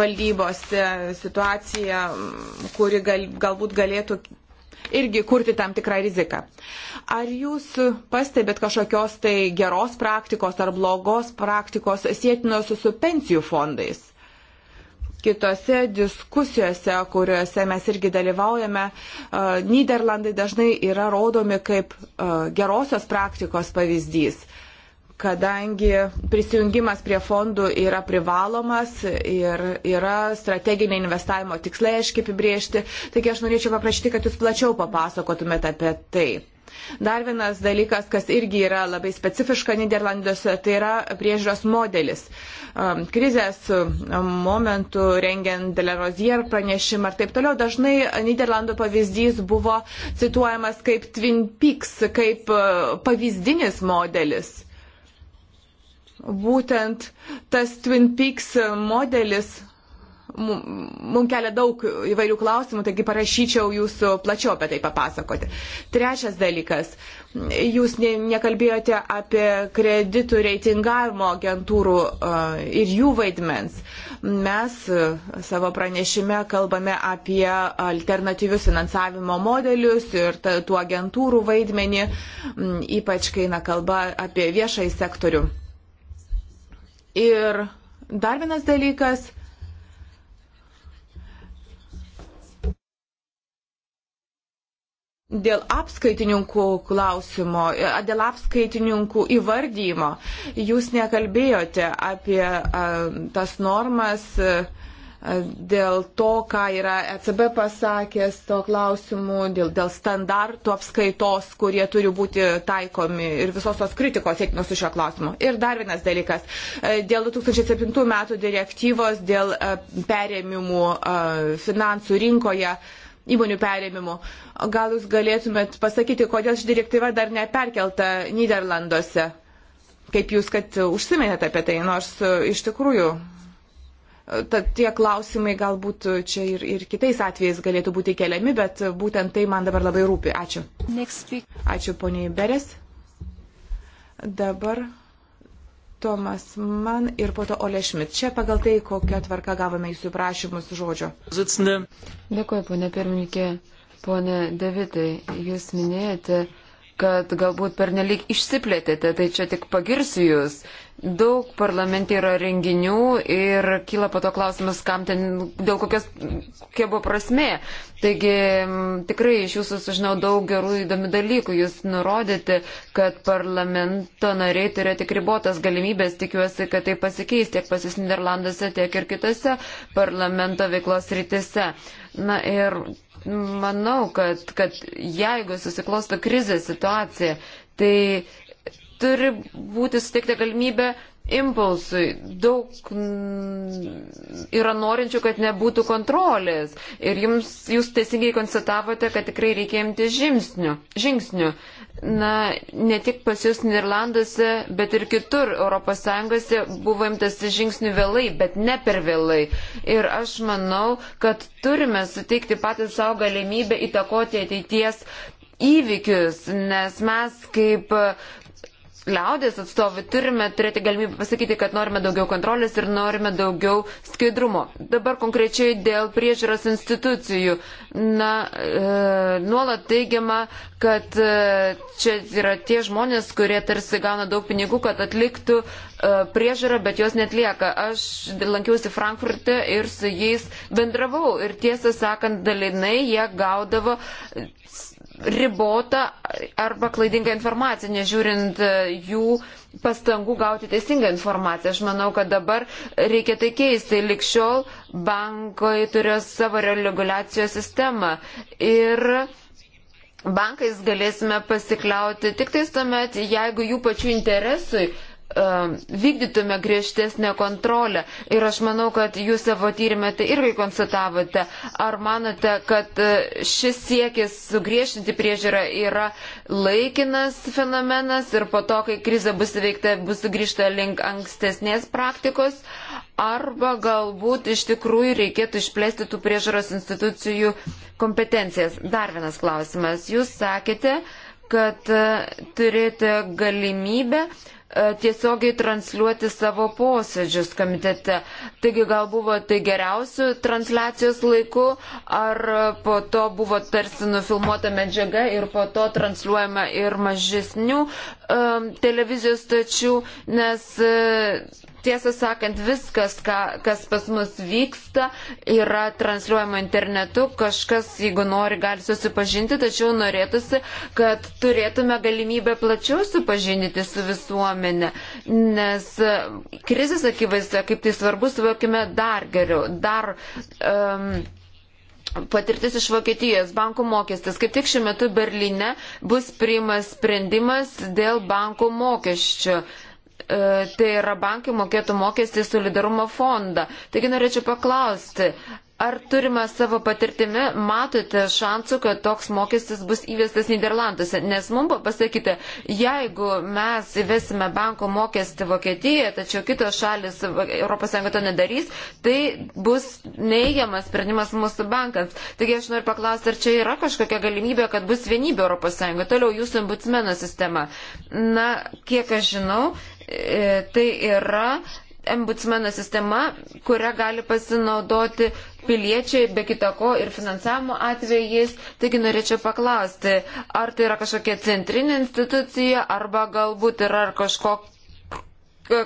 valdybose situacija, kuri gal, galbūt galėtų irgi kurti tam tikrą riziką. Ar jūs pastebėt kažkokios tai geros praktikos ar blogos praktikos sėtinos su pensijų fondais? kitose diskusijose, kuriuose mes irgi dalyvaujame, e, Niderlandai dažnai yra rodomi kaip e, gerosios praktikos pavyzdys kadangi prisijungimas prie fondų yra privalomas ir yra strateginiai investavimo tikslai aiškiai apibriežti. Taigi aš norėčiau paprašyti, kad jūs plačiau papasakotumėte apie tai. Dar vienas dalykas, kas irgi yra labai specifiška Niderlanduose, tai yra priežiūros modelis. Um, krizės um, momentų rengiant Delerozier pranešimą ir taip toliau, dažnai Niderlandų pavyzdys buvo cituojamas kaip Twin Peaks, kaip uh, pavyzdinis modelis. Būtent tas Twin Peaks modelis mums kelia daug įvairių klausimų, taigi parašyčiau jūsų plačiau apie tai papasakoti. Trečias dalykas, jūs ne, nekalbėjote apie kreditų reitingavimo agentūrų uh, ir jų vaidmens. Mes uh, savo pranešime kalbame apie alternatyvius finansavimo modelius ir ta, tų agentūrų vaidmenį, m, ypač kai na, kalba apie viešai sektorių. Ir dar vienas dalykas, Dėl apskaitininkų klausimo, dėl apskaitininkų įvardymo, jūs nekalbėjote apie a, tas normas a, dėl to, ką yra ECB pasakęs to klausimu, dėl, dėl standartų apskaitos, kurie turi būti taikomi ir visos tos kritikos sėkmės su šio klausimu. Ir dar vienas dalykas, dėl 2007 metų direktyvos, dėl perėmimų a, finansų rinkoje. A, įmonių perėmimu. Gal jūs galėtumėt pasakyti, kodėl ši direktyva dar neperkelta Niderlanduose? Kaip jūs, kad uh, užsiminėte apie tai, nors uh, iš tikrųjų uh, Tad tie klausimai galbūt čia ir, ir kitais atvejais galėtų būti keliami, bet būtent tai man dabar labai rūpi. Ačiū. Ačiū poniai Beres. Dabar Tomas Man ir po to Ole Šmit. Čia pagal tai, kokią tvarką gavome jūsų prašymus žodžio. Dėkuoju, ponė pirmininkė. Pone Davidai, jūs minėjote, kad galbūt pernelik išsiplėtėte, tai čia tik pagirsiu jūs. Daug parlamente yra renginių ir kyla po to klausimas, kam ten, dėl kokios, kokia buvo prasmė. Taigi tikrai iš jūsų sužinau daug gerų įdomių dalykų. Jūs nurodėte, kad parlamento nariai turi tik ribotas galimybės. Tikiuosi, kad tai pasikeis tiek pasis Niderlanduose, tiek ir kitose parlamento veiklos rytise. Na ir manau, kad, kad jeigu susiklosto krizės situacija, tai turi būti suteikta galimybė impulsui. Daug yra norinčių, kad nebūtų kontrolės. Ir jums, jūs teisingai konstatavote, kad tikrai reikia imti žingsnių. žingsnių. Na, ne tik pas jūs Niderlanduose, bet ir kitur ES buvo imtasi žingsnių vėlai, bet ne per vėlai. Ir aš manau, kad turime suteikti patys savo galimybę įtakoti ateities įvykius, nes mes kaip liaudės atstovai turime turėti galimybę pasakyti, kad norime daugiau kontrolės ir norime daugiau skaidrumo. Dabar konkrečiai dėl priežiūros institucijų. Na, e, nuolat teigiama, kad e, čia yra tie žmonės, kurie tarsi gauna daug pinigų, kad atliktų e, priežiūrą, bet jos netlieka. Aš lankiausi Frankfurte ir su jais bendravau ir tiesą sakant, dalinai jie gaudavo ribota arba klaidinga informacija, nežiūrint e, jų pastangų gauti teisingą informaciją. Aš manau, kad dabar reikia tai keisti. Likščiol bankai turėjo savo reguliacijos sistemą ir bankais galėsime pasikliauti tik tais tuomet, jeigu jų pačių interesui Um, vykdytume griežtesnę kontrolę. Ir aš manau, kad jūs savo tyrimę tai irgi konstatavote. Ar manote, kad uh, šis siekis sugriežtinti priežiūrą yra laikinas fenomenas ir po to, kai krize bus įveikta, bus sugrįžta link ankstesnės praktikos? Arba galbūt iš tikrųjų reikėtų išplėsti tų priežaros institucijų kompetencijas. Dar vienas klausimas. Jūs sakėte, kad uh, turite galimybę uh, E, tiesiogiai transliuoti savo posėdžius komitete. Taigi gal buvo tai geriausių transliacijos laikų, ar po to buvo tarsi nufilmuota medžiaga ir po to transliuojama ir mažesnių um, televizijos tačių, nes. Uh, Tiesą sakant, viskas, ką, kas pas mus vyksta, yra transliuojama internetu. Kažkas, jeigu nori, gali susipažinti, tačiau norėtųsi, kad turėtume galimybę plačiau supažinti su visuomenė visuomenę, nes krizės akivaizdoje, kaip tai svarbu, suvokime dar geriau, dar. Um, patirtis iš Vokietijos, bankų mokestis. Kaip tik šiuo metu Berlyne bus priimas sprendimas dėl bankų mokesčio. E, tai yra bankai mokėtų mokestį solidarumo fondą. Taigi norėčiau paklausti, Ar turime savo patirtimi, matote šansų, kad toks mokestis bus įvestas Niderlanduose? Nes mums buvo pasakyta, jeigu mes įvesime banko mokestį Vokietijoje, tačiau kitos šalis ES to nedarys, tai bus neįgiamas sprendimas mūsų bankams. Taigi aš noriu paklausti, ar čia yra kažkokia galimybė, kad bus vienybė ES, toliau jūsų ombudsmeno sistema. Na, kiek aš žinau, e, tai yra ombudsmeno sistema, kurią gali pasinaudoti piliečiai, be kitako ir finansavimo atvejais. Taigi norėčiau paklausti, ar tai yra kažkokia centrinė institucija, arba galbūt yra kažkokia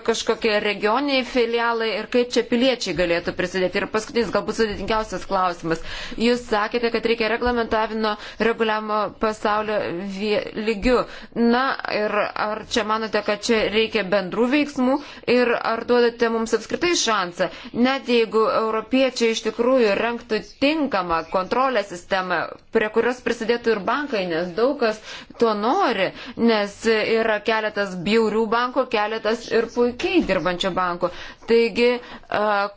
kažkokie regioniniai filialai ir kaip čia piliečiai galėtų prisidėti. Ir paskutinis, galbūt sudėtingiausias klausimas. Jūs sakėte, kad reikia reglamentavimo reguliavimo pasaulio lygių. Na ir ar čia manote, kad čia reikia bendrų veiksmų ir ar duodate mums apskritai šansą, net jeigu europiečiai iš tikrųjų renktų tinkamą kontrolės sistemą, prie kurios prisidėtų ir bankai, nes daug kas to nori, nes yra keletas bjaurių bankų, keletas ir puikiai dirbančių bankų. Taigi,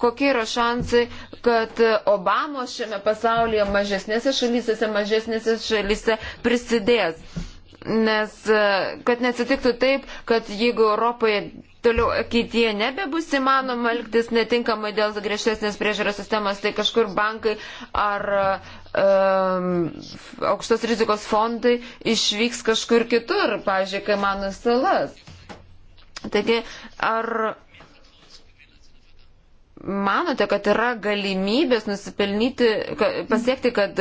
kokie yra šansai, kad Obamos šiame pasaulyje mažesnėse šalyse, mažesnėse šalyse prisidės? Nes, kad nesitiktų taip, kad jeigu Europoje toliau ateityje nebebus įmanoma elgtis netinkamai dėl griežtesnės priežiūros sistemos, tai kažkur bankai ar um, aukštos rizikos fondai išvyks kažkur kitur, pavyzdžiui, kai mano salas. Taigi, ar manote, kad yra galimybės nusipelnyti, pasiekti, kad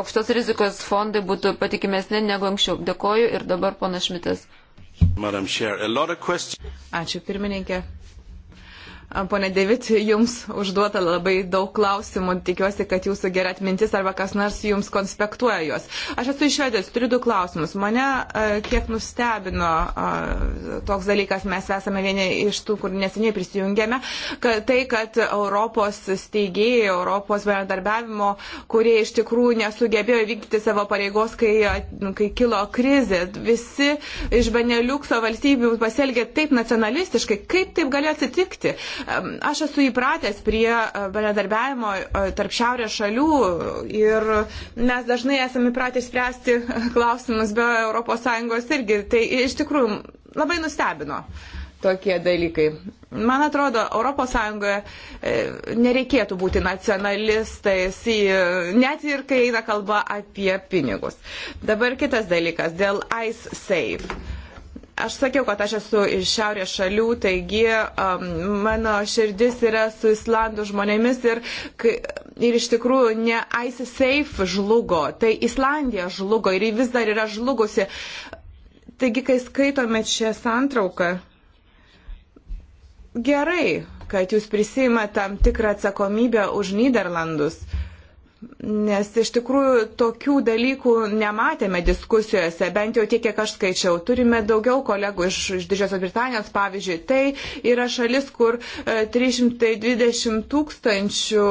aukštos rizikos fondai būtų patikimesnė negu anksčiau? Dėkoju ir dabar pana Šmitas. Ačiū pirmininkė. Pone Devit, jums užduota labai daug klausimų, tikiuosi, kad jūsų gera atmintis arba kas nors jums konspektuoja juos. Aš esu iš Švedijos, turiu du klausimus. Mane kiek nustebino toks dalykas, mes esame vieni iš tų, kur neseniai prisijungėme, kad tai, kad Europos steigėjai, Europos bendradarbiavimo, kurie iš tikrųjų nesugebėjo vykdyti savo pareigos, kai, kai kilo krizė, visi iš Beneliukso valstybių pasielgė taip nacionalistiškai, kaip taip galėjo atsitikti. Aš esu įpratęs prie e, bendradarbiavimo e, tarp šiaurės šalių ir mes dažnai esame įpratę spręsti klausimus be ES irgi. Tai iš tikrųjų labai nustebino tokie dalykai. Man atrodo, ES e, nereikėtų būti nacionalistais, net ir kai eina kalba apie pinigus. Dabar kitas dalykas dėl ICE SAFE Aš sakiau, kad aš esu iš šiaurės šalių, taigi um, mano širdis yra su Islandų žmonėmis ir, ir iš tikrųjų ne ICE Safe žlugo, tai Islandija žlugo ir vis dar yra žlugusi. Taigi, kai skaitome čia santrauką, gerai, kad jūs prisima tam tikrą atsakomybę už Niderlandus. Uh, Nes iš tikrųjų tokių dalykų nematėme diskusijose, bent jau tiek, kiek aš skaičiau. Turime daugiau kolegų iš, iš Didžiosios Britanijos, pavyzdžiui. Tai yra šalis, kur 320 e, tūkstančių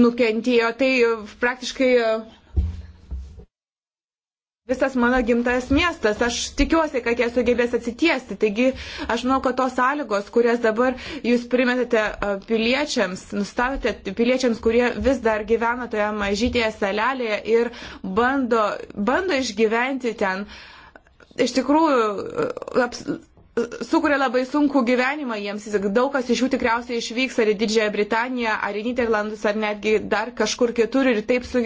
nukentėjo. Tai praktiškai e, visas mano gimtas miestas. Aš tikiuosi, kad jie sugebės atsitiesti. Taigi aš manau, kad tos sąlygos, kurias dabar jūs primetate piliečiams, nustatėte piliečiams, kurie vis dar gyvena toje mažytėje salelėje ir bando, bando išgyventi ten. Iš tikrųjų, aps, sukuria labai sunku gyvenimą jiems. Daug kas iš jų tikriausiai išvyks ar į Didžiąją Britaniją, ar į Niderlandus, ar netgi dar kažkur kitur ir taip su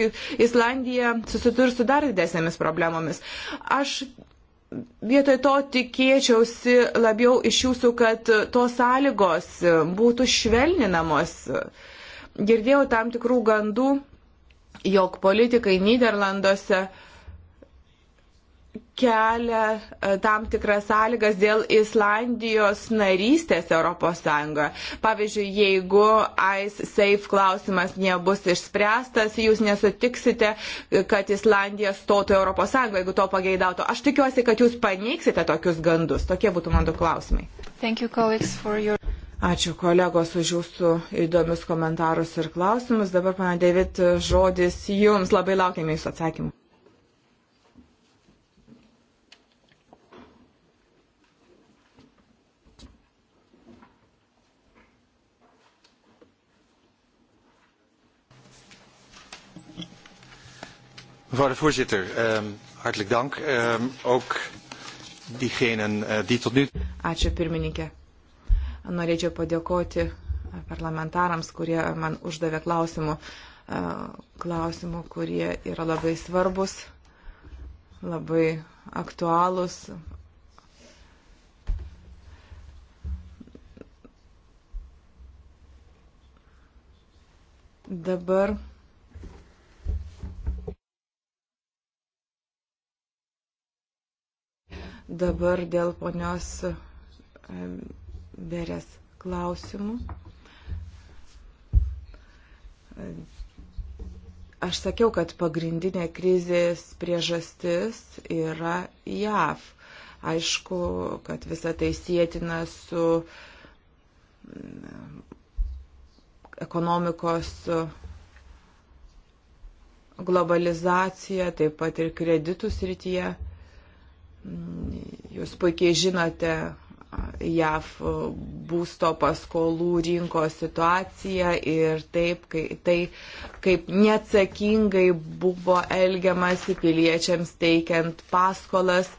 Islandija susiturs su dar didesnėmis problemomis. Aš vietoj to tikėčiausi labiau iš jūsų, kad tos sąlygos būtų švelninamos. Girdėjau tam tikrų gandų, jog politikai Niderlanduose uh, kelia e, tam tikras sąlygas dėl Islandijos narystės ES. Pavyzdžiui, jeigu ICE safe klausimas nebus išspręstas, jūs nesutiksite, e, kad Islandija stotų ES, jeigu to pageidautų. Aš tikiuosi, kad jūs paneiksite tokius gandus. Tokie būtų mano klausimai. Thank you, colleagues, your... Ačiū kolegos už jūsų įdomius komentarus ir klausimus. Dabar, pana David, žodis jums. Labai laukiame jūsų atsakymų. Mevrouw de voorzitter, um, hartelijk dank. Um, ook diegenen uh, die tot nu. Ačiū pirmininkė. Norėčiau padėkoti eh, parlamentarams, kurie man uždavė klausimų, eh, klausimų, kurie yra labai svarbus, labai aktualūs. Dabar Dabar dėl ponios Berės klausimų. Aš sakiau, kad pagrindinė krizės priežastis yra JAV. Aišku, kad visa tai sėtina su ekonomikos globalizacija, taip pat ir kreditų srityje. Mm, jūs puikiai žinote JAV būsto paskolų rinkos situaciją ir taip, kai, tai, kaip neatsakingai buvo elgiamasi piliečiams teikiant paskolas,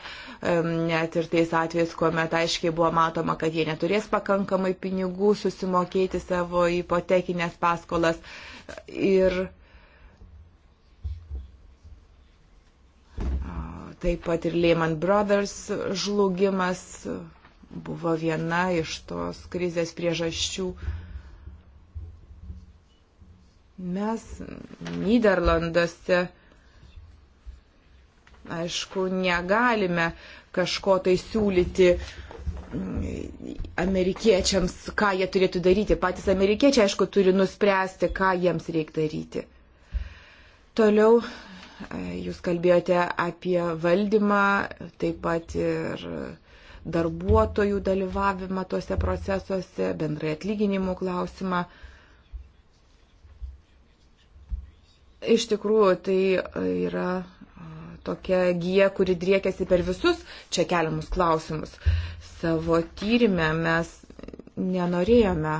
net ir tais atvejais, kuomet aiškiai buvo matoma, kad jie neturės pakankamai pinigų susimokėti savo ipotekinės paskolas. Ir uh, Taip pat ir Lehman Brothers žlugimas buvo viena iš tos krizės priežasčių. Mes Niderlanduose, aišku, negalime kažko tai siūlyti amerikiečiams, ką jie turėtų daryti. Patys amerikiečiai, aišku, turi nuspręsti, ką jiems reikia daryti. Toliau Jūs kalbėjote apie valdymą, taip pat ir darbuotojų dalyvavimą tuose procesuose, bendrai atlyginimų klausimą. Iš tikrųjų, tai yra tokia gyja, kuri driekiasi per visus čia keliamus klausimus. Savo tyrimę mes nenorėjome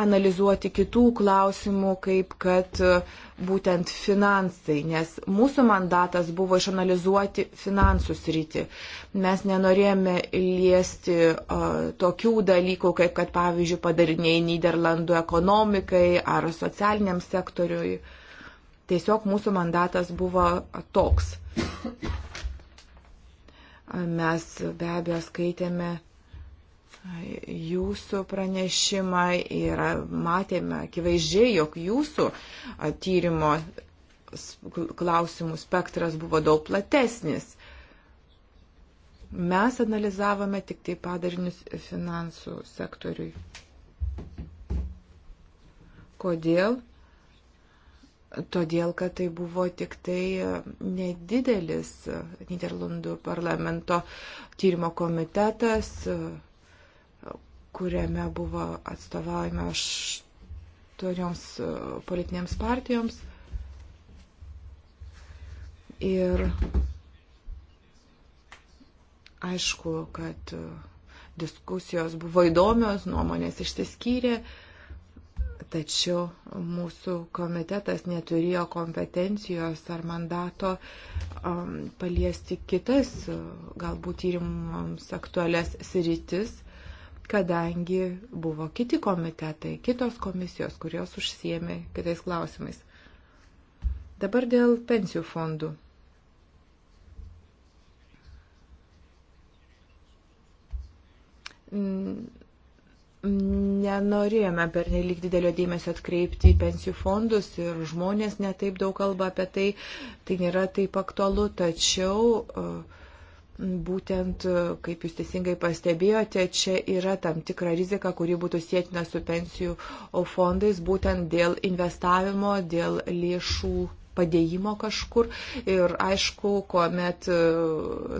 analizuoti kitų klausimų, kaip kad e, būtent finansai, nes mūsų mandatas buvo išanalizuoti finansų sritį. Mes nenorėjome liesti uh, tokių dalykų, kaip kad, pavyzdžiui, padariniai Niderlandų ekonomikai ar socialiniam sektoriui. Tiesiog mūsų mandatas buvo toks. Mes be abejo skaitėme jūsų pranešimą ir matėme akivaizdžiai, jog jūsų tyrimo klausimų spektras buvo daug platesnis. Mes analizavome tik tai padarinius finansų sektoriui. Kodėl? Todėl, kad tai buvo tik tai nedidelis Niderlandų parlamento tyrimo komitetas, kuriame buvo atstovaujama aštuonioms e, politinėms partijoms. Ir aišku, kad e, diskusijos buvo įdomios, nuomonės išsiskyrė, tačiau mūsų komitetas neturėjo kompetencijos ar mandato um, paliesti kitas, e, galbūt tyrimams aktualias sritis kadangi buvo kiti komitetai, kitos komisijos, kurios užsiemė kitais klausimais. Dabar dėl pensijų fondų. Nenorėjome per nelik didelio dėmesio atkreipti į pensijų fondus ir žmonės netaip daug kalba apie tai, tai nėra taip aktualu, tačiau uh, Būtent, e, kaip jūs teisingai pastebėjote, čia yra tam tikra rizika, kuri būtų sėtina su pensijų fondais, būtent dėl investavimo, dėl lėšų padėjimo kažkur ir aišku, kuomet e,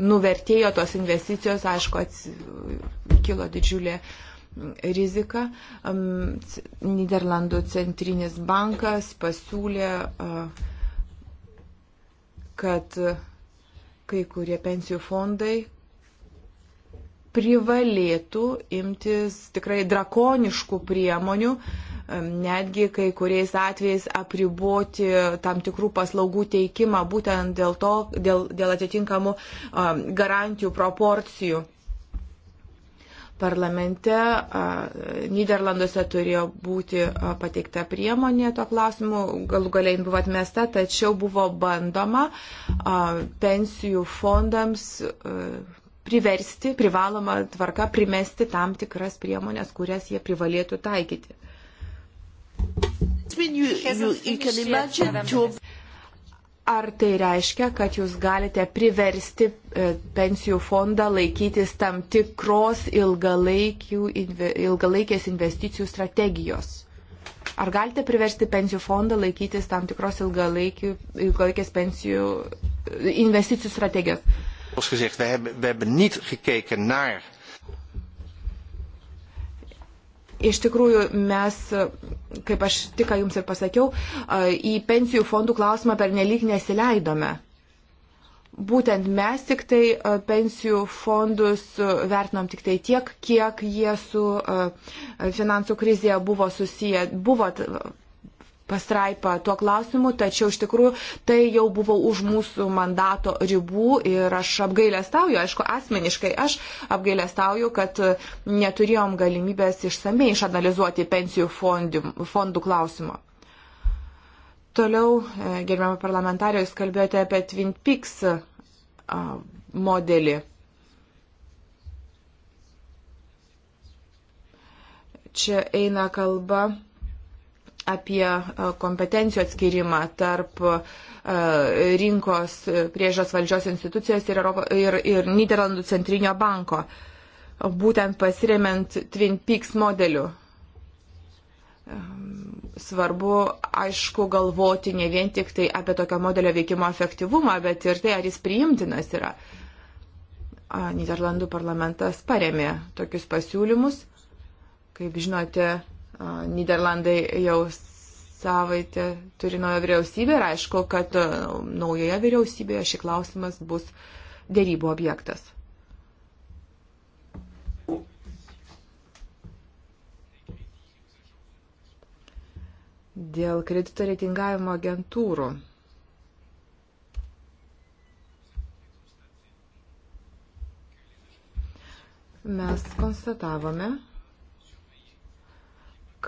nuvertėjo tos investicijos, aišku, kilo didžiulė rizika. Niderlandų centrinis bankas pasiūlė, kad kai kurie pensijų fondai privalėtų imtis tikrai drakoniškų priemonių, netgi kai kuriais atvejais apriboti tam tikrų paslaugų teikimą būtent dėl, to, dėl, dėl atitinkamų garantijų proporcijų parlamente. Niderlanduose turėjo būti pateikta priemonė to klausimu, galų galiai buvo atmesta, tačiau buvo bandoma pensijų fondams priversti, privaloma tvarka primesti tam tikras priemonės, kurias jie privalėtų taikyti. Ar tai reiškia, kad jūs galite priversti e, pensijų fondą laikytis tam tikros ilgalaikės investicijų strategijos? Ar galite priversti pensijų fondą laikytis tam tikros ilgalaikės pensijų e, investicijų strategijos? Zoals gezegd, we hebben, we hebben niet gekeken naar Iš tikrųjų, mes, kaip aš tik jums ir pasakiau, į pensijų fondų klausimą per nelik nesileidome. Būtent mes tik tai pensijų fondus vertinom tik tai tiek, kiek jie su finansų krizėje buvo susiję. Buvo pastraipą tuo klausimu, tačiau iš tikrųjų tai jau buvo už mūsų mandato ribų ir aš apgailestauju, aišku, asmeniškai aš apgailestauju, kad neturėjom galimybės išsamei išanalizuoti pensijų fondų, fondų klausimą. Toliau, e, gerbiamą parlamentarį, jūs kalbėjote apie Twin Peaks e, modelį. Čia eina kalba apie e, kompetencijų atskirimą tarp e, rinkos e, priežos valdžios institucijos ir, Europo, ir, ir Niderlandų centrinio banko, būtent pasiremiant Twin Peaks modeliu. Ehm, svarbu, aišku, galvoti ne vien tik tai apie tokio modelio veikimo efektyvumą, bet ir tai, ar jis priimtinas yra. Niderlandų parlamentas paremė tokius pasiūlymus. Kaip žinote, Niderlandai jau savaitę turi naują vyriausybę ir aišku, kad e, naujoje vyriausybėje šį klausimas bus dėrybų objektas. Dėl kredito reitingavimo agentūrų. Mes konstatavome,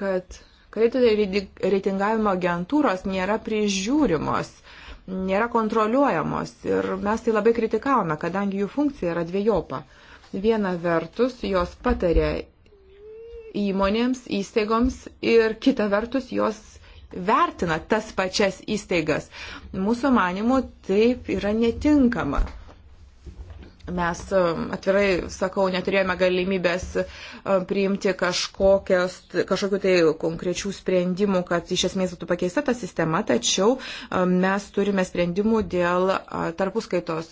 kad kreditų reitingavimo agentūros nėra prižiūrimos, nėra kontroliuojamos. Ir mes tai labai kritikavome, kadangi jų funkcija yra dviejopa. Viena vertus, jos patarė įmonėms, įstaigoms ir kita vertus, jos vertina tas pačias įstaigas. Mūsų manimų taip yra netinkama mes um, atvirai sakau, neturėjome galimybės um, priimti kažkokių tai konkrečių sprendimų, kad iš esmės būtų pakeista ta sistema, tačiau um, mes turime sprendimų dėl uh, tarpuskaitos.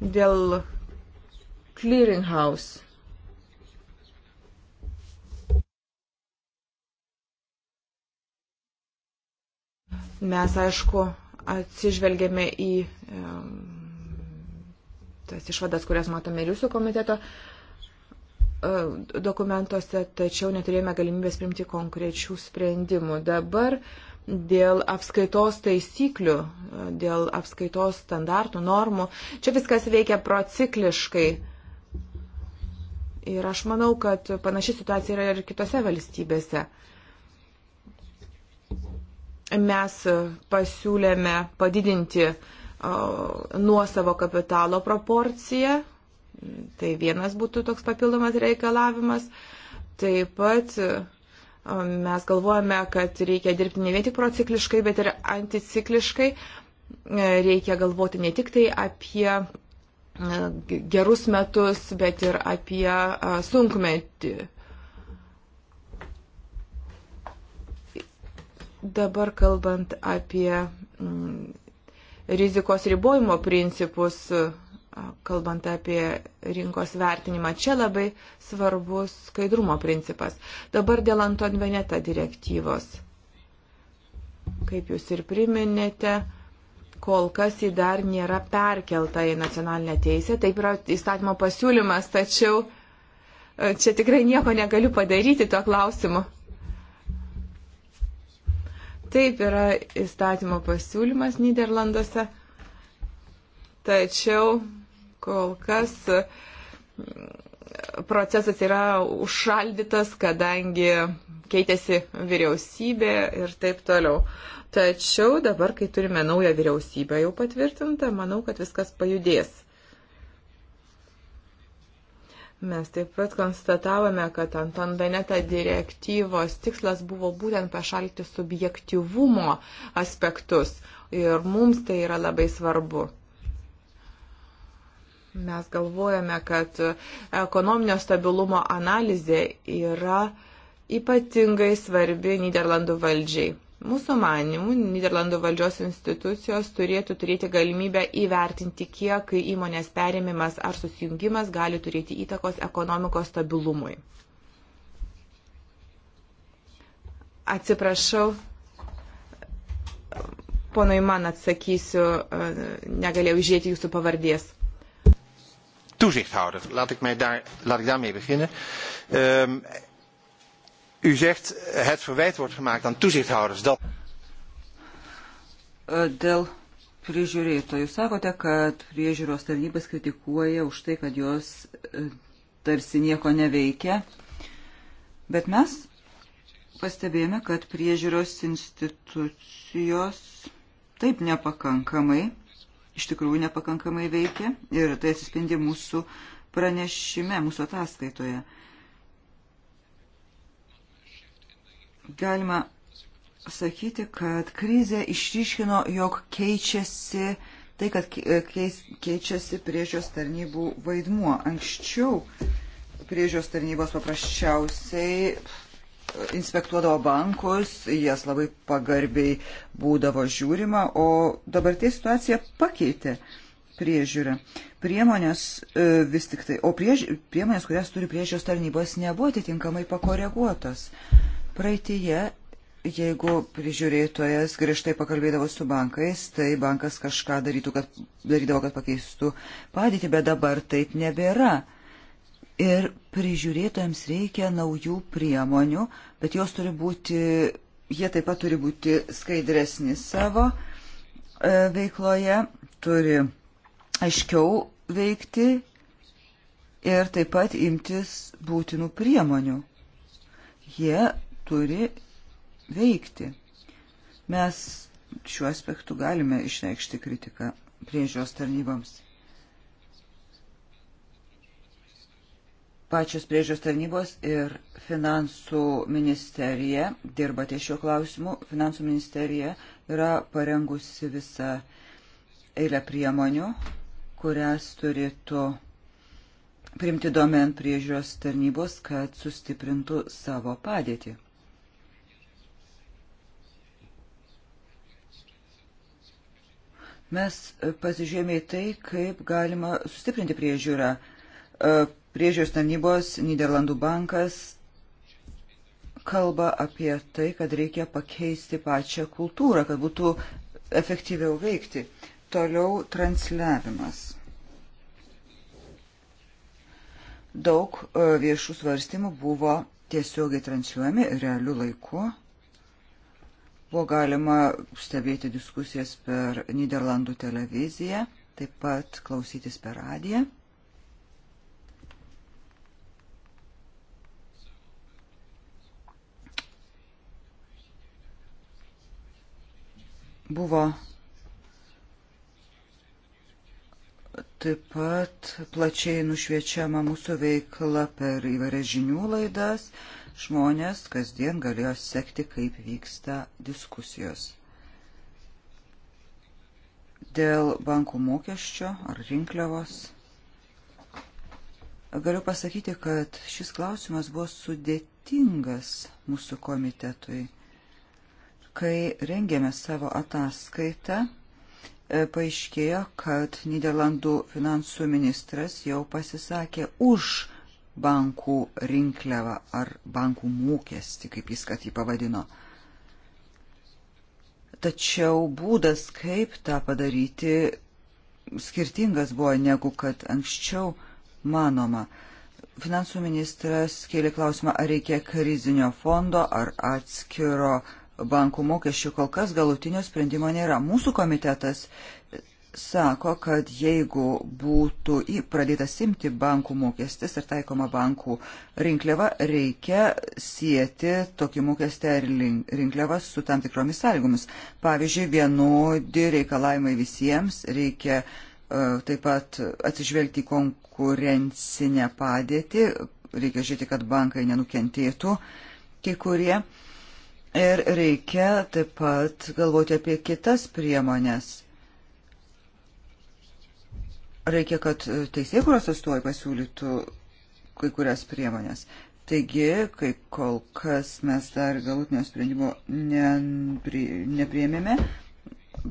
Dėl clearinghouse Mes, aišku, atsižvelgėme į tas išvadas, kurias matome ir jūsų komiteto e, dokumentuose, tačiau neturėjome galimybės priimti konkrečių sprendimų. Dabar dėl apskaitos taisyklių, e, dėl apskaitos standartų, normų, čia viskas veikia procikliškai. Ir aš manau, kad panaši situacija yra ir kitose valstybėse mes pasiūlėme padidinti nuosavo kapitalo proporciją. Tai vienas būtų toks papildomas reikalavimas. Taip pat mes galvojame, kad reikia dirbti ne vien tik procikliškai, bet ir anticikliškai. Reikia galvoti ne tik tai apie gerus metus, bet ir apie sunkmetį Dabar kalbant apie mm, rizikos ribojimo principus, kalbant apie rinkos vertinimą, čia labai svarbus skaidrumo principas. Dabar dėl Anton Veneta direktyvos. Kaip jūs ir priminėte, kol kas ji dar nėra perkelta į nacionalinę teisę, taip yra įstatymo pasiūlymas, tačiau čia tikrai nieko negaliu padaryti tuo klausimu. Taip yra įstatymo pasiūlymas Niderlanduose, tačiau kol kas mm, procesas yra užšaldytas, kadangi keitėsi vyriausybė ir taip toliau. Tačiau dabar, kai turime naują vyriausybę jau patvirtintą, manau, kad viskas pajudės. Mes taip pat konstatavome, kad Anton Beneta direktyvos tikslas buvo būtent pašalti subjektivumo aspektus ir mums tai yra labai svarbu. Mes galvojame, kad ekonominio stabilumo analizė yra ypatingai svarbi Niderlandų valdžiai. Mūsų manimų, Niderlandų valdžios institucijos turėtų turėti galimybę įvertinti, kiek įmonės perėmimas ar susijungimas gali turėti įtakos ekonomikos stabilumui. Atsiprašau, ponui man atsakysiu, e, negalėjau žiūrėti jūsų pavardės. Toezichthouder, laat ik, mij daar, laat ik daarmee beginnen. Um, U zegt het verwijt wordt gemaakt aan toezichthouders dat. E, dėl prižiūrėtojų sakote, kad priežiūros tarnybas kritikuoja už tai, kad jos e, tarsi nieko neveikia. Bet mes pastebėjome, kad priežiūros institucijos taip nepakankamai, iš tikrųjų nepakankamai veikia ir tai atsispindi mūsų pranešime, mūsų ataskaitoje. Galima sakyti, kad krizė išryškino, jog keičiasi tai, kad keičiasi priežios tarnybų vaidmuo. Anksčiau priežios tarnybos paprasčiausiai e, inspektuodavo bankus, jas labai pagarbiai būdavo žiūrima, o dabartė situacija pakeitė priežiūrą. Priemonės e, vis tik tai, o priež, priemonės, kurias turi priežios tarnybos, nebuvo atitinkamai pakoreguotos. Praeitie, jeigu prižiūrėtojas griežtai pakalbėdavo su bankais, tai bankas kažką darytų, kad, darydavo, kad pakeistų padėtį, bet dabar taip nebėra. Ir prižiūrėtojams reikia naujų priemonių, bet jos turi būti, jie taip pat turi būti skaidresni savo e, veikloje, turi aiškiau veikti ir taip pat imtis būtinų priemonių. Jie turi veikti. Mes šiuo aspektu galime išreikšti kritiką priežiūros tarnyboms. Pačios priežiūros tarnybos ir finansų ministerija dirba ties šiuo klausimu. Finansų ministerija yra parengusi visą eilę priemonių, kurias turėtų primti domen priežiūros tarnybos, kad sustiprintų savo padėtį. Mes e, pasižiūrėjome į tai, kaip galima sustiprinti priežiūrą. E, priežiūros tarnybos Niderlandų bankas kalba apie tai, kad reikia pakeisti pačią kultūrą, kad būtų efektyviau veikti. Toliau transliavimas. Daug e, viešų svarstymų buvo tiesiogiai transliuojami realiu laiku. Buvo galima stebėti diskusijas per Niderlandų televiziją, taip pat klausytis per radiją. Buvo taip pat plačiai nušviečiama mūsų veikla per įvairias žinių laidas. Uh, žmonės kasdien galėjo sekti, kaip vyksta diskusijos. Dėl bankų mokesčio ar rinkliavos. Galiu pasakyti, kad šis klausimas buvo sudėtingas mūsų komitetui. Kai rengėme savo ataskaitą, e, paaiškėjo, kad Niderlandų finansų ministras jau pasisakė už bankų rinkliavą ar bankų mokestį, kaip jis kad jį pavadino. Tačiau būdas, kaip tą padaryti, skirtingas buvo negu kad anksčiau manoma. Finansų ministras kėlė klausimą, ar reikia krizinio fondo ar atskiro bankų mokesčių. Kol kas galutinio sprendimo nėra. Mūsų komitetas sako, kad jeigu būtų pradėtas imti bankų mokestis ir taikoma bankų rinkliava, reikia sieti tokį mokestį ir rinkliavą su tam tikromis sąlygomis. Pavyzdžiui, vienodi reikalavimai visiems, reikia uh, taip pat atsižvelgti į konkurencinę padėtį, reikia žiūrėti, kad bankai nenukentėtų kai kurie. Ir reikia taip pat galvoti apie kitas priemonės Reikia, kad teisėkuros atstovai pasiūlytų kai kurias priemonės. Taigi, kai kol kas mes dar galutinio sprendimo nepriėmėme,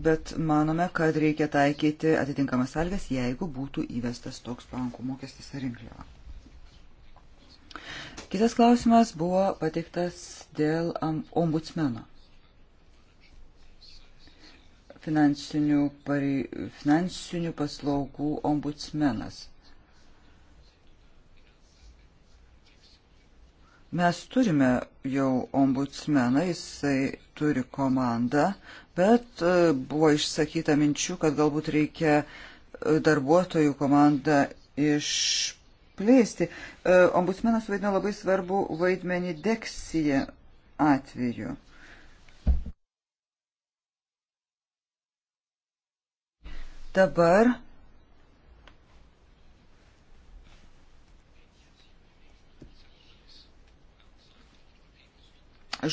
bet manome, kad reikia taikyti atitinkamas sąlygas, jeigu būtų įvestas toks bankų mokestis ar rinkliava. Kitas klausimas buvo pateiktas dėl ombudsmeno finansinių, parei, finansinių paslaugų ombudsmenas. Mes turime jau ombudsmeną, jisai turi komandą, bet e, buvo išsakyta minčių, kad galbūt reikia e, darbuotojų komandą išplėsti. E, ombudsmenas vaidino labai svarbu vaidmenį deksiją atveju. Dabar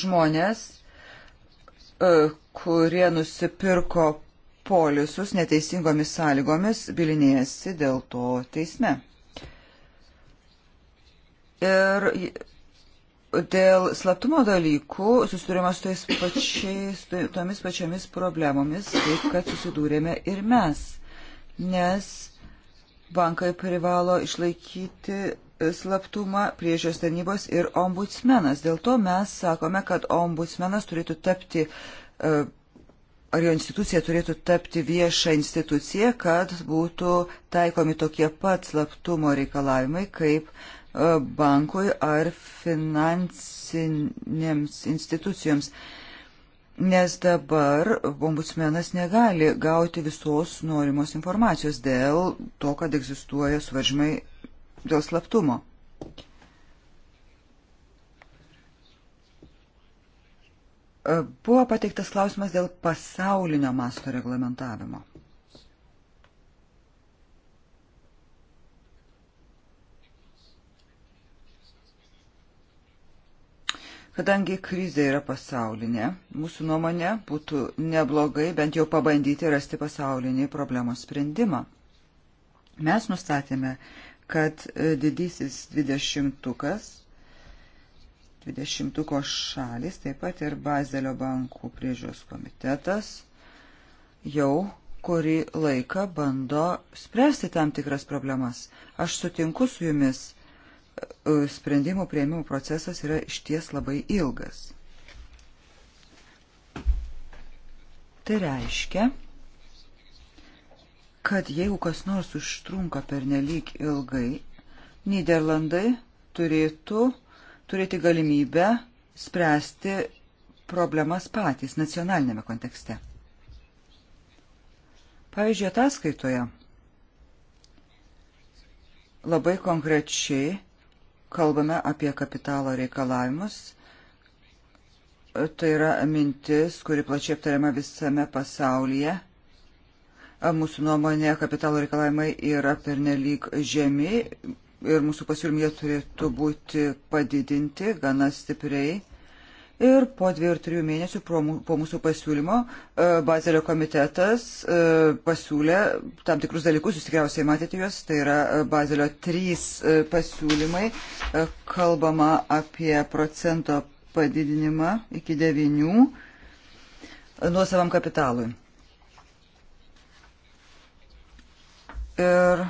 žmonės, e, kurie nusipirko polisus neteisingomis sąlygomis, bilinėjasi dėl to teisme. Ir Dėl slaptumo dalykų susidūrėme su pačiais, tomis pačiomis problemomis, kaip kad susidūrėme ir mes, nes bankai privalo išlaikyti slaptumą priežios tarnybos ir ombudsmenas. Dėl to mes sakome, kad ombudsmenas turėtų tapti, e, ar jo institucija turėtų tapti vieša institucija, kad būtų taikomi tokie pat slaptumo reikalavimai kaip uh, bankui ar finansinėms institucijoms. Nes dabar ombudsmenas negali gauti visos norimos informacijos dėl to, kad egzistuoja suvaržymai dėl slaptumo. Buvo pateiktas klausimas dėl pasaulinio masto reglamentavimo. Kadangi krizė yra pasaulinė, mūsų nuomonė būtų neblogai bent jau pabandyti rasti pasaulinį problemos sprendimą. Mes nustatėme, kad e, didysis dvidešimtukas, dvidešimtuko šalis, taip pat ir Bazelio bankų priežiūros komitetas jau kurį laiką bando spręsti tam tikras problemas. Aš sutinku su jumis E, sprendimų prieimimo procesas yra išties labai ilgas. Tai reiškia, kad jeigu kas nors užtrunka per nelik ilgai, Niderlandai turėtų turėti galimybę spręsti problemas patys nacionalinėme kontekste. Pavyzdžiui, ataskaitoje labai konkrečiai kalbame apie kapitalo reikalavimus. Tai yra mintis, kuri plačiai aptariama visame pasaulyje. Mūsų nuomonė kapitalo reikalavimai yra pernelyg žemi ir mūsų pasiūlymai turėtų būti padidinti gana stipriai Ir po dviejų ir trijų mėnesių po mūsų pasiūlymo e, Bazelio komitetas e, pasiūlė tam tikrus dalykus, jūs tikriausiai matėte juos, tai yra e, Bazelio trys pasiūlymai, kalbama apie procento padidinimą iki devinių nuosavam kapitalui. Ir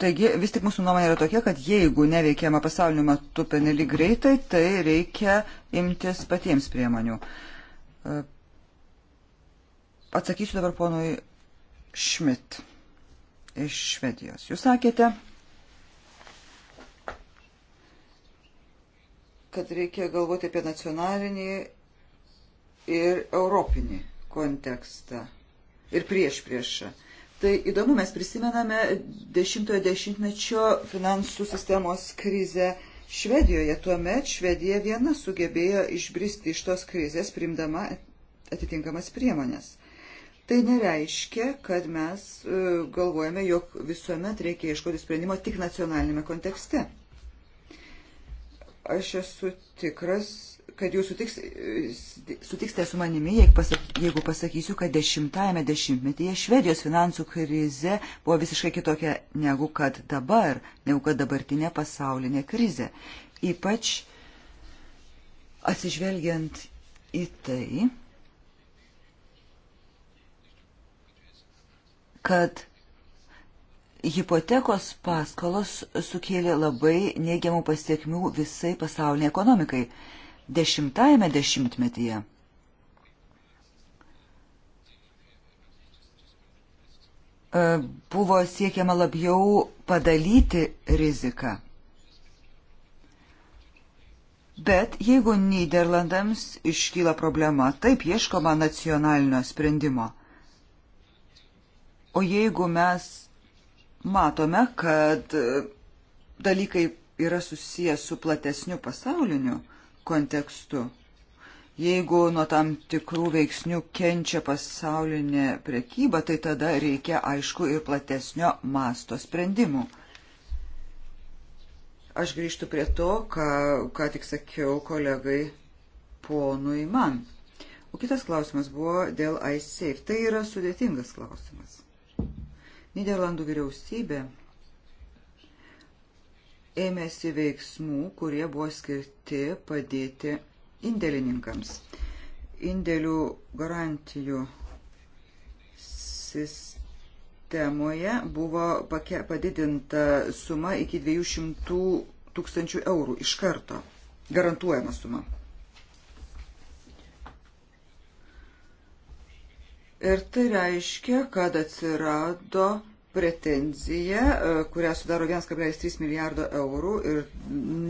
Taigi vis tik mūsų nuomonė yra tokia, kad jeigu neveikiama pasauliniu matu penelyg greitai, tai reikia imtis patiems priemonių. E, atsakysiu dabar ponui Šmit iš Švedijos. Jūs sakėte, kad reikia galvoti apie nacionalinį ir europinį kontekstą ir prieš priešą. Prieš. Tai įdomu, mes prisimename dešimtojo dešimtmečio finansų sistemos krizę Švedijoje. Tuomet Švedija viena sugebėjo išbristi iš tos krizės, primdama atitinkamas priemonės. Tai nereiškia, kad mes e, galvojame, jog visuomet reikia ieškoti sprendimo tik nacionalinėme kontekste. Aš esu tikras, kad jūs sutiks, e, sutiksite su manimi, jeigu pasakysiu, kad dešimtajame dešimtmetyje Švedijos finansų krize buvo visiškai kitokia negu kad dabar, negu kad dabartinė pasaulinė krize. Ypač atsižvelgiant į tai, kad hipotekos paskolos sukėlė labai neigiamų pasiekmių visai pasauliniai ekonomikai dešimtajame dešimtmetyje. E, buvo siekiama labiau padalyti riziką. Bet jeigu Niderlandams iškyla problema, taip ieškoma nacionalinio sprendimo. O jeigu mes matome, kad dalykai yra susijęs su platesniu pasauliniu kontekstu. Jeigu nuo tam tikrų veiksnių kenčia pasaulinė prekyba, tai tada reikia aišku ir platesnio masto sprendimų. Aš grįžtu prie to, ką, ką tik sakiau kolegai ponui man. O kitas klausimas buvo dėl iSafe. Tai yra sudėtingas klausimas. Niderlandų vyriausybė ėmėsi veiksmų, kurie buvo skirti padėti indėlininkams. Indėlių garantijų sistemoje buvo padidinta suma iki 200 tūkstančių eurų iš karto. Garantuojama suma. Ir tai reiškia, kad atsirado pretenziją, e, kurią sudaro 1,3 milijardo eurų ir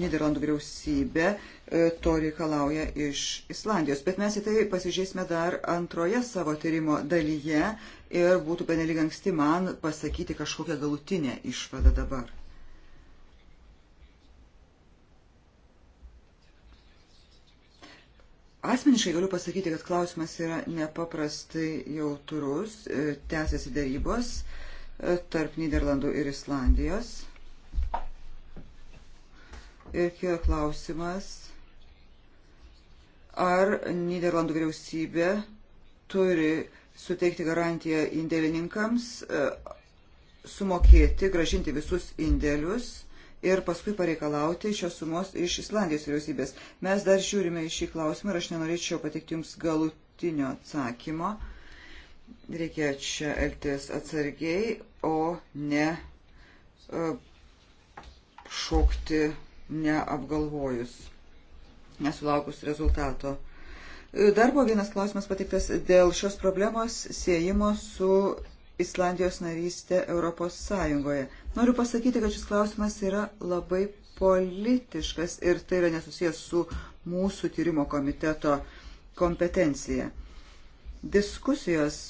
Niderlandų vyriausybė e, to reikalauja iš Islandijos. Bet mes į tai pasižiūrėsime dar antroje savo tyrimo dalyje ir būtų penelyg anksti man pasakyti kažkokią galutinę išvadą dabar. Asmeniškai galiu pasakyti, kad klausimas yra nepaprastai jauturus, e, tęsiasi darybos. E, tarp Niderlandų ir Islandijos. Ir kyla klausimas, ar Niderlandų vyriausybė turi suteikti garantiją indėlininkams, e, sumokėti, gražinti visus indėlius ir paskui pareikalauti šios sumos iš Islandijos vyriausybės. Mes dar žiūrime į šį klausimą ir aš nenorėčiau pateikti Jums galutinio atsakymo. Reikia čia elgtis atsargiai o ne e, šokti neapgalvojus, nesulaukus rezultato. E, dar buvo vienas klausimas pateiktas dėl šios problemos siejimo su Islandijos narystė Europos Sąjungoje. Noriu pasakyti, kad šis klausimas yra labai politiškas ir tai yra nesusijęs su mūsų tyrimo komiteto kompetencija. Diskusijos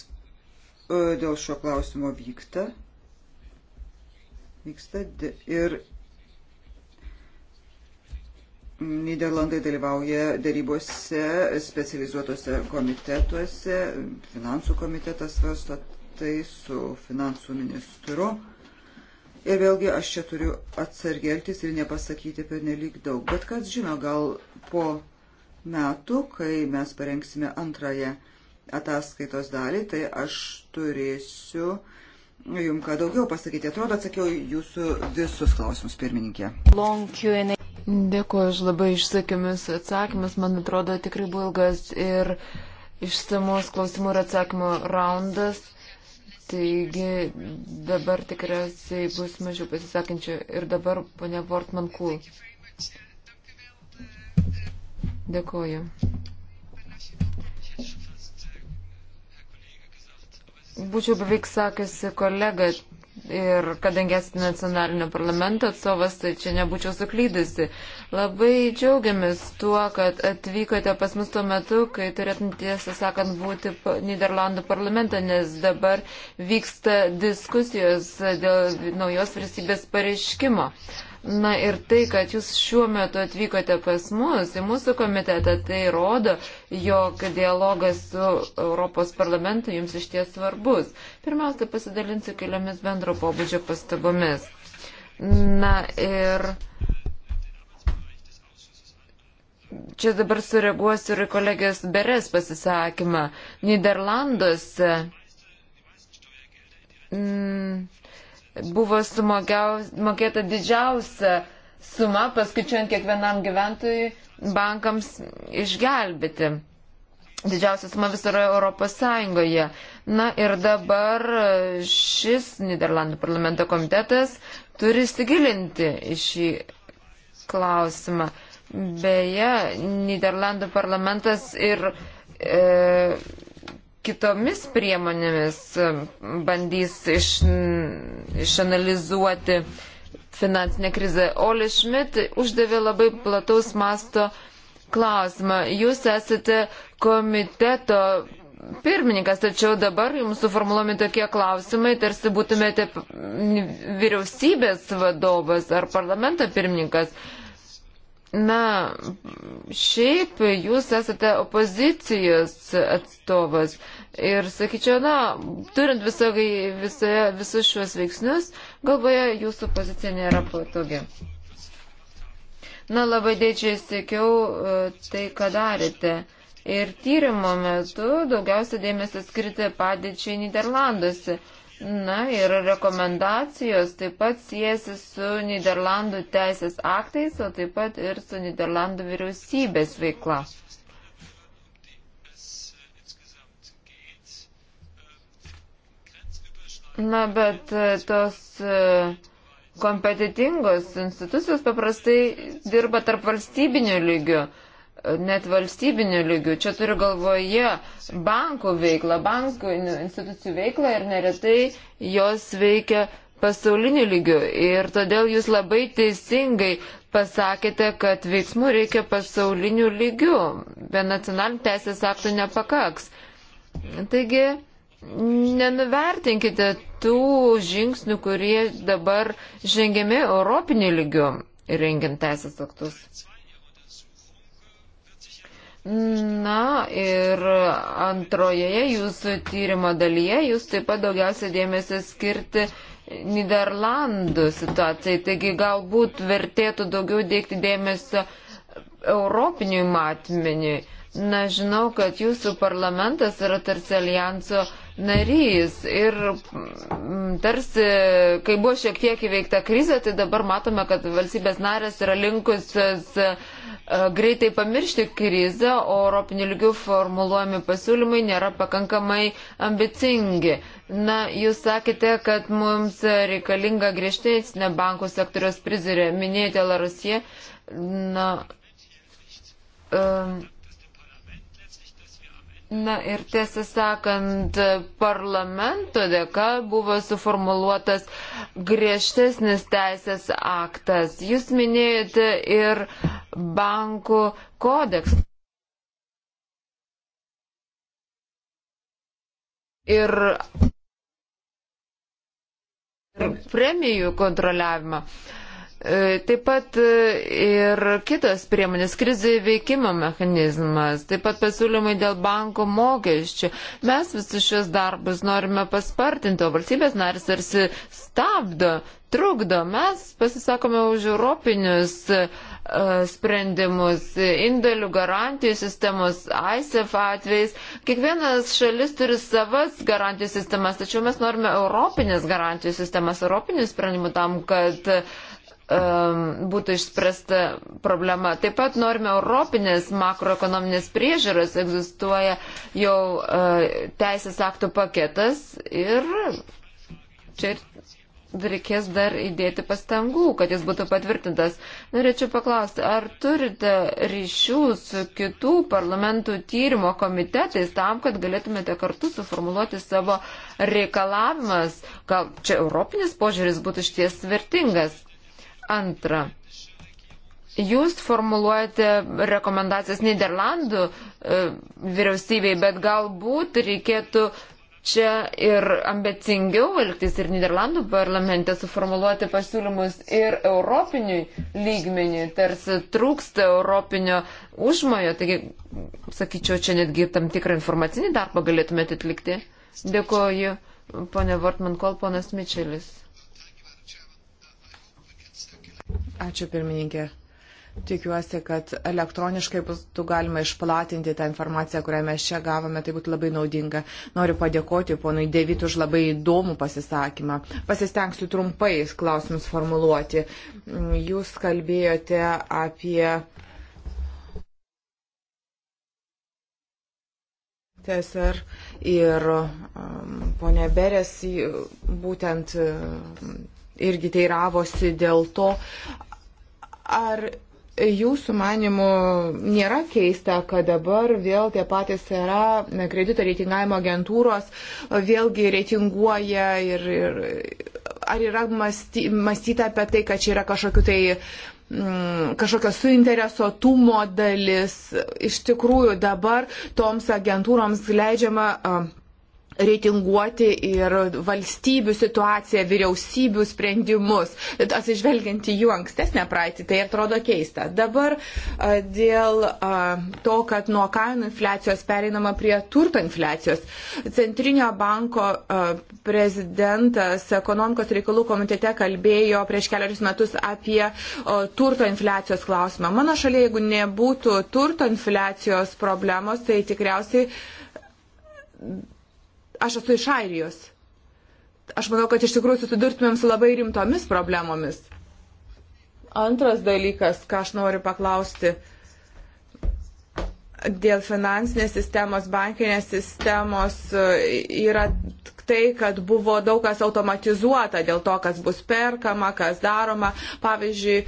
E, dėl šio klausimo vyksta. Vyksta ir Niderlandai dalyvauja darybose, specializuotose komitetuose, finansų komitetas svarsto tai su finansų ministru. Ir vėlgi aš čia turiu atsargeltis ir nepasakyti per nelik daug. Bet kas žino, gal po metų, kai mes parengsime antrąją ataskaitos dalį, tai aš turėsiu jums ką daugiau pasakyti. Atrodo, atsakiau jūsų visus klausimus, pirmininkė. Dėkuoju už labai išsakymus atsakymus. Man atrodo, tikrai buvo ilgas ir išsamus klausimų ir atsakymų raundas. Taigi dabar tikriausiai bus mažiau pasisakančių. Ir dabar ponia Vortman Kul. Dėkuoju. būčiau beveik sakiusi kolega ir kadangi esi nacionalinio parlamento atstovas, tai čia nebūčiau suklydusi. Labai džiaugiamės tuo, kad atvykote pas mus tuo metu, kai turėtum tiesą sakant būti Niderlandų parlamento, nes dabar vyksta diskusijos dėl naujos valstybės pareiškimo. Uh, Na ir tai, kad jūs šiuo metu atvykote pas mus, į mūsų komitetą, tai rodo, jog dialogas su Europos parlamentu jums iš ties svarbus. Pirmiausia, pasidalinsiu keliomis bendro pobūdžio pastabomis. Na ir. Čia dabar sureaguosiu ir kolegijos Beres pasisakymą. Niderlanduose. Mm, buvo sumokėta didžiausia suma, paskaičiuojant kiekvienam gyventojui bankams išgelbėti. Didžiausia suma visoje Europos Sąjungoje. Na ir dabar šis Niderlandų parlamento komitetas turi įsigilinti į šį klausimą. Beje, Niderlandų parlamentas ir e, kitomis priemonėmis bandys iš, išanalizuoti finansinę krizę. Oli Schmidt uždavė labai plataus masto klausimą. Jūs esate komiteto pirmininkas, tačiau dabar jums suformulomi tokie klausimai, tarsi būtumėte vyriausybės vadovas ar parlamento pirmininkas. Na, šiaip jūs esate opozicijos atstovas ir sakyčiau, na, turint visokai, visoje, visus šiuos veiksnius, galvoje jūsų pozicija nėra patogi. Na, labai dėčiai sėkiau e, tai, ką darėte. Ir tyrimo metu daugiausia dėmesio skirti padėčiai Niderlanduose. Na ir rekomendacijos taip pat siejasi su Niderlandų teisės aktais, o taip pat ir su Niderlandų vyriausybės veikla. Na, bet e, tos e, kompetitingos institucijos paprastai dirba tarp valstybinių lygių net valstybinių lygių. Čia turiu galvoje bankų veiklą, bankų institucijų veiklą ir neretai jos veikia pasauliniu lygiu. Ir todėl jūs labai teisingai pasakėte, kad veiksmų reikia pasauliniu lygiu, be nacionalinių teisės aktų nepakaks. Taigi, nenuvertinkite tų žingsnių, kurie dabar žengiami europiniu lygiu rengiant teisės aktus. Na ir antrojoje jūsų tyrimo dalyje jūs taip pat daugiausia dėmesio skirti Niderlandų situacijai. Taigi galbūt vertėtų daugiau dėkti dėmesio europiniui matmeniui. Na, žinau, kad jūsų parlamentas yra tarsi alijanso narys. Ir mm, tarsi, kai buvo šiek tiek įveikta krizė, tai dabar matome, kad valstybės narės yra linkusios e, greitai pamiršti krizę, o europinių lygių formuluojami pasiūlymai nėra pakankamai ambicingi. Na, jūs sakėte, kad mums reikalinga griežtesnė bankų sektoriaus prizirė, minėjote Larusie. Na, um, Na ir tiesą sakant, parlamento dėka buvo suformuluotas griežtesnis teisės aktas. Jūs minėjote ir bankų kodeks. Ir, ir premijų kontroliavimą. Uh, E, taip pat e, ir kitos priemonės, krizai veikimo mechanizmas, taip pat pasiūlymai dėl banko mokesčių. Mes visus šios darbus norime paspartinti, o valstybės narys tarsi stabdo, trukdo. Mes pasisakome už europinius uh, sprendimus, indėlių garantijų sistemos, ISF atvejais. Kiekvienas šalis turi savas garantijų sistemas, tačiau mes norime europinės garantijų sistemas, europinių sprendimų tam, kad uh, Ehm, būtų išspręsta problema. Taip pat norime europinės makroekonominės priežiūros, egzistuoja jau e, teisės aktų paketas ir čia reikės dar įdėti pastangų, kad jis būtų patvirtintas. Norėčiau paklausti, ar turite ryšių su kitų parlamentų tyrimo komitetais tam, kad galėtumėte kartu suformuluoti savo reikalavimas, gal čia europinis požiūris būtų šties svertingas? Antra, jūs formuluojate rekomendacijas Niderlandų e, vyriausybei, bet galbūt reikėtų čia ir ambicingiau elgtis ir Niderlandų parlamente suformuluoti pasiūlymus ir europiniui lygmeniui, tarsi trūksta europinio užmojo, taigi, sakyčiau, čia netgi tam tikrą informacinį darbą galėtumėte atlikti. Dėkoju, ponė Vortman, kol ponas Mičelis. Ačiū pirmininkė. Tikiuosi, kad elektroniškai bus galima išplatinti tą informaciją, kurią mes čia gavome, tai būtų labai naudinga. Noriu padėkoti ponui Devit už labai įdomų pasisakymą. Pasistengsiu trumpai klausimus formuluoti. Jūs kalbėjote apie. TSR ir um, ponė Beres būtent um, irgi teiravosi dėl to, ar jūsų manimų nėra keista, kad dabar vėl tie patys yra kredito reitingavimo agentūros, vėlgi reitinguoja ir, ir ar yra masty, mąstyta apie tai, kad čia yra kažkokiu tai mm, kažkokio suinteresuotumo dalis. Iš tikrųjų dabar toms agentūroms leidžiama uh, reitinguoti ir valstybių situaciją, vyriausybių sprendimus, atsižvelgiant į jų ankstesnę praeitį, tai atrodo keista. Dabar dėl to, kad nuo kainų infliacijos pereinama prie turto infliacijos, Centrinio banko prezidentas ekonomikos reikalų komitete kalbėjo prieš keliarius metus apie turto infliacijos klausimą. Mano šalyje, jeigu nebūtų turto infliacijos problemos, tai tikriausiai Aš esu iš Airijos. Aš manau, kad iš tikrųjų susidurtumėm su labai rimtomis problemomis. Antras dalykas, ką aš noriu paklausti dėl finansinės sistemos, bankinės sistemos e, yra tai, kad buvo daug kas automatizuota dėl to, kas bus perkama, kas daroma. Pavyzdžiui,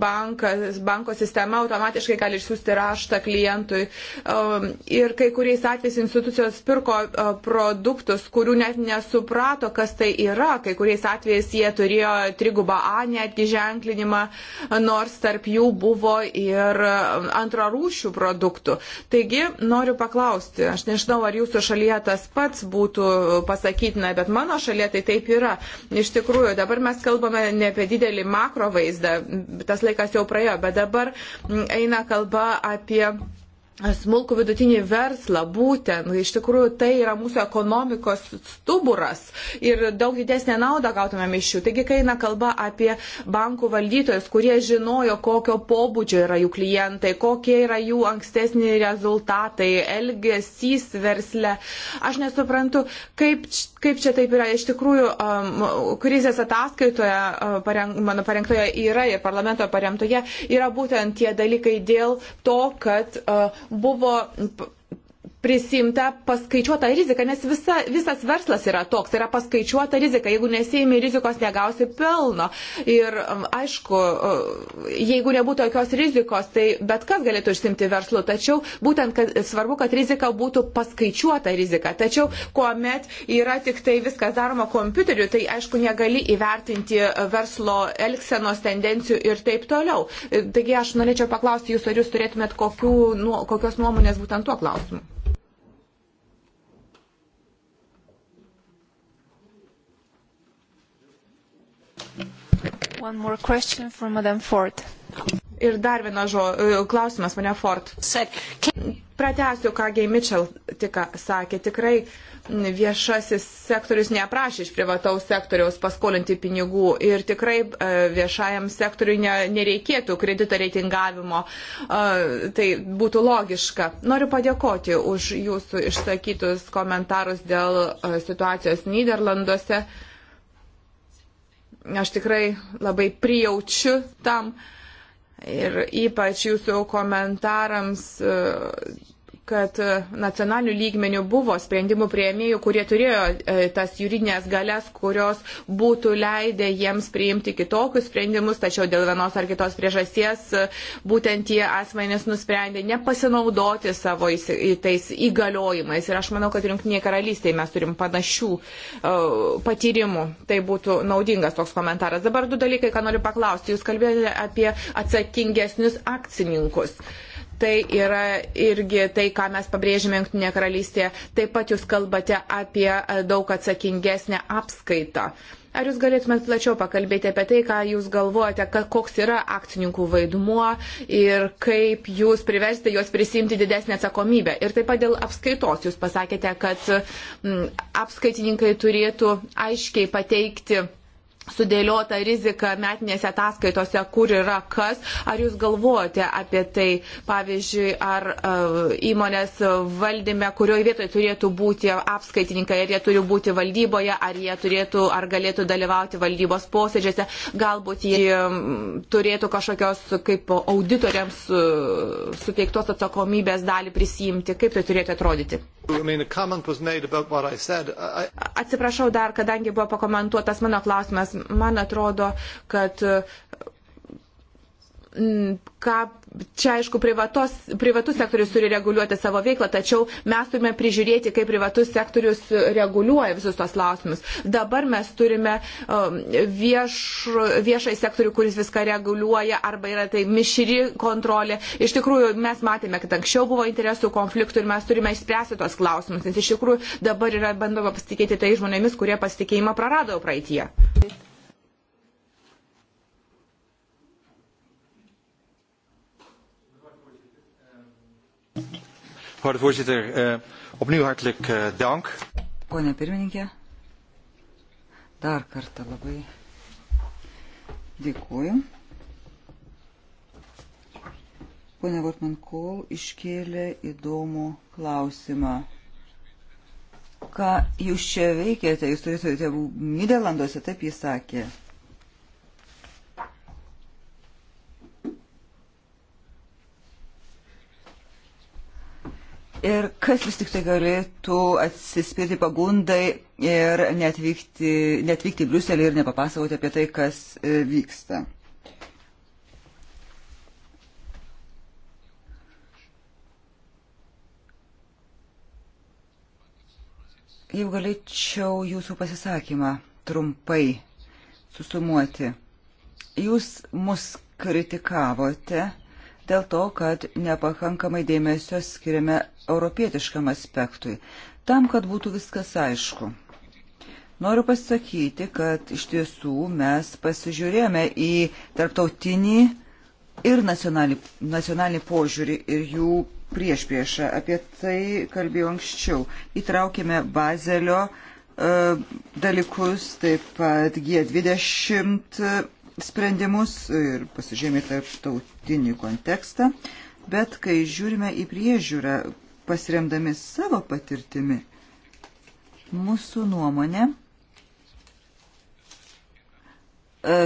bankas, banko sistema automatiškai gali išsiųsti raštą klientui. Um, ir kai kuriais atvejais institucijos pirko uh, produktus, kurių net nesuprato, kas tai yra. Kai kuriais atvejais jie turėjo trigubą A netgi ženklinimą, nors tarp jų buvo ir uh, antrarūšių produktų. Taigi, noriu paklausti, aš nežinau, ar jūsų šalyje tas pats būtų pasakyta nesakytina, bet mano šalia tai taip yra. Iš tikrųjų, dabar mes kalbame ne apie didelį makro vaizdą, tas laikas jau praėjo, bet dabar eina kalba apie smulkų vidutinį verslą, būtent, iš tikrųjų tai yra mūsų ekonomikos stuburas ir daug didesnę naudą gautumėm iš jų. Taigi, kai eina kalba apie bankų valdytojus, kurie žinojo, kokio pobūdžio yra jų klientai, kokie yra jų ankstesni rezultatai, elgesys versle, aš nesuprantu, kaip, kaip čia taip yra. Iš tikrųjų, um, krizės ataskaitoje, uh, pareng, mano parengtoje yra ir parlamento paremtoje yra būtent tie dalykai dėl to, kad uh, buvo prisimta paskaičiuota rizika, nes visa, visas verslas yra toks, yra paskaičiuota rizika. Jeigu nesėjimi rizikos, negausi pelno. Ir um, aišku, uh, jeigu nebūtų jokios rizikos, tai bet kas galėtų išsimti verslu. Tačiau būtent kad, svarbu, kad rizika būtų paskaičiuota rizika. Tačiau, kuomet yra tik tai viskas daroma kompiuteriu, tai aišku, negali įvertinti verslo elgsenos tendencijų ir taip toliau. Taigi aš norėčiau paklausti jūsų, ar jūs turėtumėt kokių, nu, kokios nuomonės būtent tuo klausimu. One more question from Madame Ford. Ir dar vienas e, klausimas, mane Ford. Pratęsiu, ką Gay Mitchell tik sakė. Tikrai viešasis sektorius neprašė iš privataus sektoriaus paskolinti pinigų ir tikrai e, viešajam sektoriui ne, nereikėtų kredito reitingavimo. E, tai būtų logiška. Noriu padėkoti už jūsų išsakytus komentarus dėl situacijos Niderlanduose. Aš tikrai labai prijaučiu tam ir ypač jūsų komentarams kad e, nacionalinių lygmenių buvo sprendimų prieimėjų, kurie turėjo e, tas juridinės galės, kurios būtų leidę jiems priimti kitokius sprendimus, tačiau dėl vienos ar kitos priežasties e, būtent tie asmenys nusprendė nepasinaudoti savo tais įgaliojimais. Ir aš manau, kad rinktinėje karalystėje mes turim panašių patyrimų. Tai būtų naudingas toks komentaras. Dabar du dalykai, ką noriu paklausti. Jūs kalbėjote apie atsakingesnius akcininkus. Uh, Tai yra irgi tai, ką mes pabrėžėme Junktinėje karalystėje. Taip pat jūs kalbate apie e, daug atsakingesnę apskaitą. Ar jūs galėtumėt plačiau pakalbėti apie tai, ką jūs galvojate, koks yra akcininkų vaidmuo ir kaip jūs priversite juos prisimti didesnį atsakomybę? Ir taip pat dėl apskaitos jūs pasakėte, kad m, mm, apskaitininkai turėtų aiškiai pateikti sudėliota rizika metinėse ataskaitose, kur yra kas. Ar jūs galvojate apie tai, pavyzdžiui, ar uh, įmonės valdyme, kurioje vietoje turėtų būti apskaitininkai, ar jie turi būti valdyboje, ar jie turėtų, ar galėtų dalyvauti valdybos posėdžiuose, galbūt jie turėtų kažkokios kaip auditoriams uh, suteiktos atsakomybės dalį prisijimti, kaip tai turėtų atrodyti. Atsiprašau dar, kadangi buvo pakomentuotas mano klausimas. Man atrodo, kad Mm, ką čia aišku privatos, privatus sektorius turi reguliuoti savo veiklą, tačiau mes turime prižiūrėti, kaip privatus sektorius reguliuoja visus tos klausimus. Dabar mes turime um, vieš, viešai sektorių, kuris viską reguliuoja, arba yra tai mišri kontrolė. Iš tikrųjų, mes matėme, kad anksčiau buvo interesų konfliktų ir mes turime išspręsti tos klausimus, nes iš tikrųjų dabar yra bandoma pasitikėti tai žmonėmis, kurie pasitikėjimą prarado praeitie. mevrouw de voorzitter. Uh, opnieuw hartelijk uh, dank. Pone pirmininkė, dar kartą labai dėkuoju. Pone Vortman Kol iškėlė įdomų klausimą. Ką jūs čia veikiate? Jūs turite Niderlanduose, taip jis sakė. Ir kas vis tik tai galėtų atsispirti pagundai ir neatvykti, neatvykti į Bruselį ir nepapasakoti apie tai, kas e, vyksta. Jau galėčiau jūsų pasisakymą trumpai susumuoti. Jūs mus kritikavote dėl to, kad nepakankamai dėmesio skiriame europietiškam aspektui, tam, kad būtų viskas aišku. Noriu pasakyti, kad iš tiesų mes pasižiūrėjome į tarptautinį ir nacionalinį, nacionalinį požiūrį ir jų prieš priešą. Apie tai kalbėjau anksčiau. Įtraukėme Bazelio e, dalykus, taip pat G20 sprendimus ir pasižymė tarptautinį kontekstą, bet kai žiūrime į priežiūrą, pasiremdami savo patirtimi, mūsų nuomonė, e,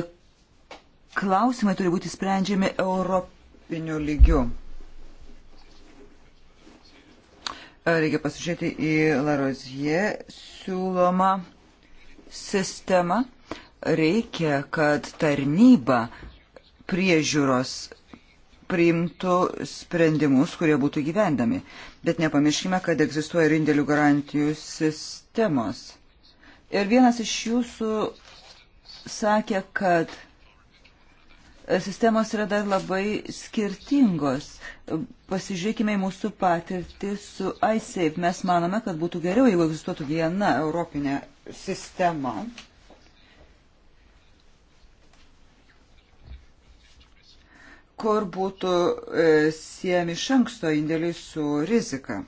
klausimai turi būti sprendžiami europiniu lygiu. E, reikia pasižiūrėti į Larozie siūlomą sistemą reikia, kad tarnyba priežiūros priimtų sprendimus, kurie būtų gyvendami. Bet nepamirškime, kad egzistuoja ir indėlių garantijų sistemos. Ir vienas iš jūsų sakė, kad sistemos yra dar labai skirtingos. Pasižiūrėkime į mūsų patirtį su iSafe. Mes manome, kad būtų geriau, jeigu egzistuotų viena europinė sistema kur būtų e, siejami iš anksto indėliai su rizika.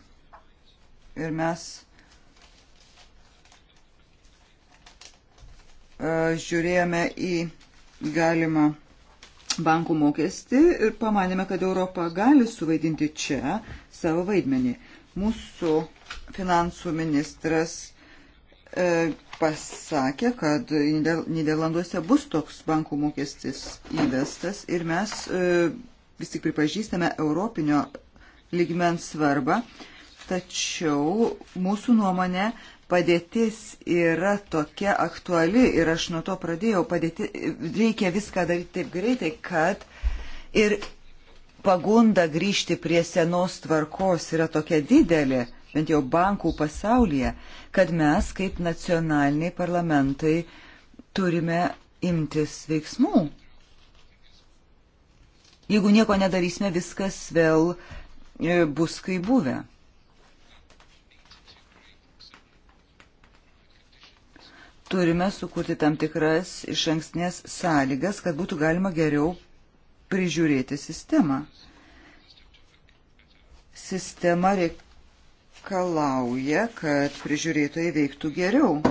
Ir mes e, žiūrėjome į galimą bankų mokestį ir pamanėme, kad Europa gali suvaidinti čia savo vaidmenį. Mūsų finansų ministras e, pasakė, kad Niderlanduose bus toks bankų mokestis įvestas ir mes e, vis tik pripažįstame europinio lygmens svarbą, tačiau mūsų nuomonė padėtis yra tokia aktuali ir aš nuo to pradėjau, padėti, reikia viską daryti taip greitai, kad ir pagunda grįžti prie senos tvarkos yra tokia didelė, bent jau bankų pasaulyje, kad mes kaip nacionaliniai parlamentai turime imtis veiksmų. Jeigu nieko nedarysime, viskas vėl e, bus kaip buvę. Turime sukurti tam tikras iš anksnės sąlygas, kad būtų galima geriau prižiūrėti sistemą. Sistema reik reikalauja, kad prižiūrėtojai veiktų geriau.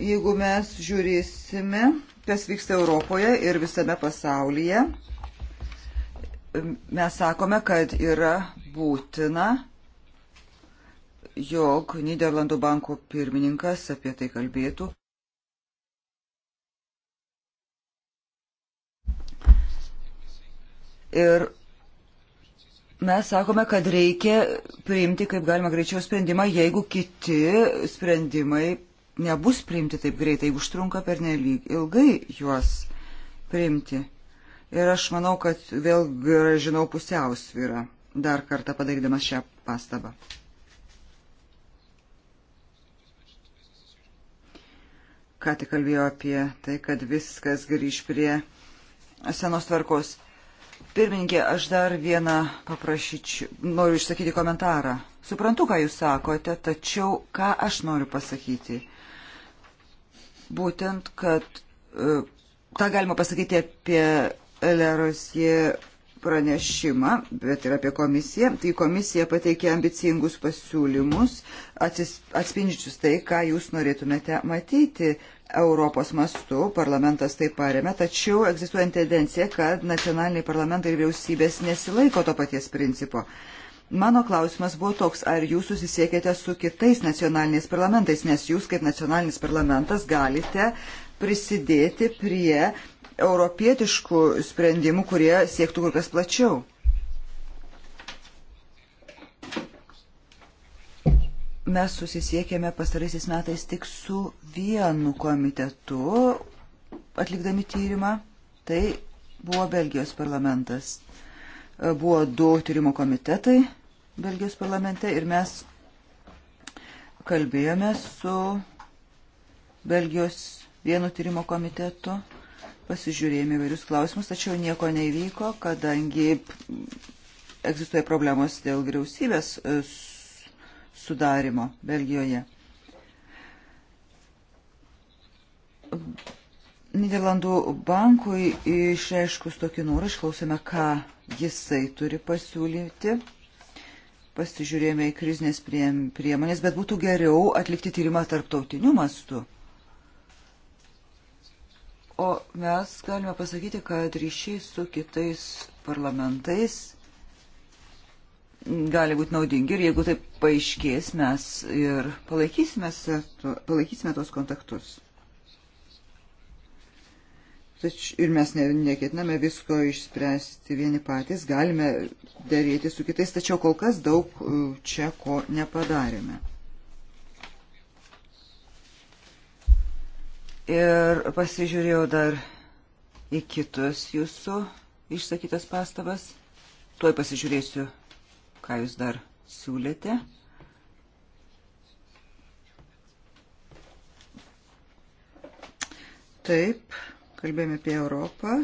Jeigu mes žiūrėsime, kas vyksta Europoje ir visame pasaulyje, mes sakome, kad yra būtina, jog Niderlandų banko pirmininkas apie tai kalbėtų. Ir Mes sakome, kad reikia priimti kaip galima greičiau sprendimą, jeigu kiti sprendimai nebus priimti taip greitai, jeigu užtrunka per nelyg ilgai juos priimti. Ir aš manau, kad vėl gražinau pusiausvyrą, dar kartą padarydamas šią pastabą. Ką tik kalbėjau apie tai, kad viskas grįž prie senos tvarkos. Pirmininkė, aš dar vieną paprašyčiau, noriu išsakyti komentarą. Suprantu, ką jūs sakote, tačiau ką aš noriu pasakyti. Būtent, kad e, tą galima pasakyti apie Lerosie pranešimą, bet ir apie komisiją. Tai komisija pateikė ambicingus pasiūlymus, atspindžius tai, ką jūs norėtumėte matyti Europos mastu, parlamentas tai paremė, tačiau egzistuoja tendencija, kad nacionaliniai parlamentai ir vyriausybės nesilaiko to paties principo. Mano klausimas buvo toks, ar jūs susisiekėte su kitais nacionaliniais parlamentais, nes jūs kaip nacionalinis parlamentas galite prisidėti prie europietiškų sprendimų, kurie siektų kur kas plačiau. Mes susisiekėme pastaraisiais metais tik su vienu komitetu, atlikdami tyrimą. Tai buvo Belgijos parlamentas. Buvo du tyrimo komitetai Belgijos parlamente ir mes kalbėjome su Belgijos vienu tyrimo komitetu, pasižiūrėjome įvairius klausimus, tačiau nieko nevyko, kadangi egzistuoja problemos dėl vyriausybės sudarimo Belgijoje. Niderlandų bankui išreiškus tokį norą, išklausėme, ką jisai turi pasiūlyti. Pasižiūrėjome į krizinės priemonės, bet būtų geriau atlikti tyrimą tarptautiniu mastu. O mes galime pasakyti, kad ryšiai su kitais parlamentais gali būti naudingi ir jeigu taip paaiškės, mes ir palaikysime, palaikysime tos kontaktus. Tačiau ir mes ne, neketiname visko išspręsti vieni patys, galime dėrėti su kitais, tačiau kol kas daug e, čia ko nepadarėme. Ir pasižiūrėjau dar į kitus jūsų išsakytas pastabas. Tuoj pasižiūrėsiu ką jūs dar siūlėte. Taip, kalbėjome apie Europą.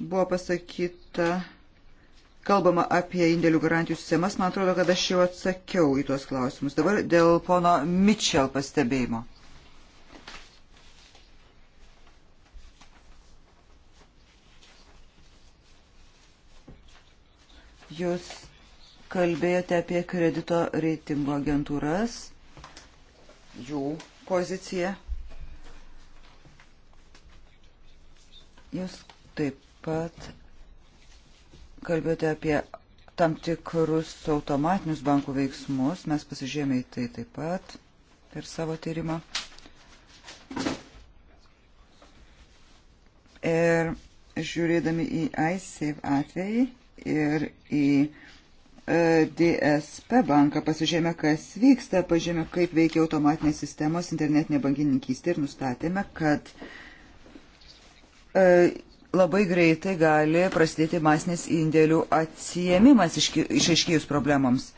Buvo pasakyta, kalbama apie indėlių garantijų sistemas. Man atrodo, kad aš jau atsakiau į tuos klausimus. Dabar dėl pono Mitchell pastebėjimo. Jūs kalbėjote apie kredito reitingo agentūras, jų poziciją. Jūs taip pat kalbėjote apie tam tikrus automatinius bankų veiksmus. Mes pasižiūrėjome į tai taip pat per savo tyrimą. Ir žiūrėdami į ISAVE atvejį, ir į e, DSP banką, pasižiūrėjome, kas vyksta, pažiūrėjome, kaip veikia automatinės sistemos internetinė bankininkystė ir nustatėme, kad e, labai greitai gali prasidėti masinis indėlių atsijėmimas išaiškėjus problemams.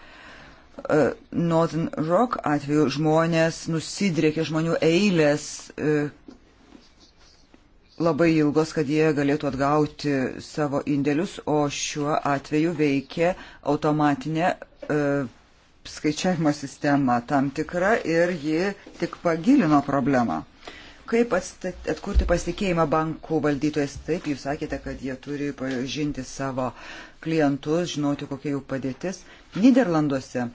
E, Northern Rock atveju žmonės nusidriekė žmonių eilės, e, labai ilgos, kad jie galėtų atgauti savo indėlius, o šiuo atveju veikia automatinė e, skaičiavimo sistema tam tikra ir ji tik pagilino problemą. Kaip atstat, atkurti pasitikėjimą bankų valdytojais? Taip, jūs sakėte, kad jie turi pažinti savo klientus, žinoti, kokia jų padėtis. Niderlanduose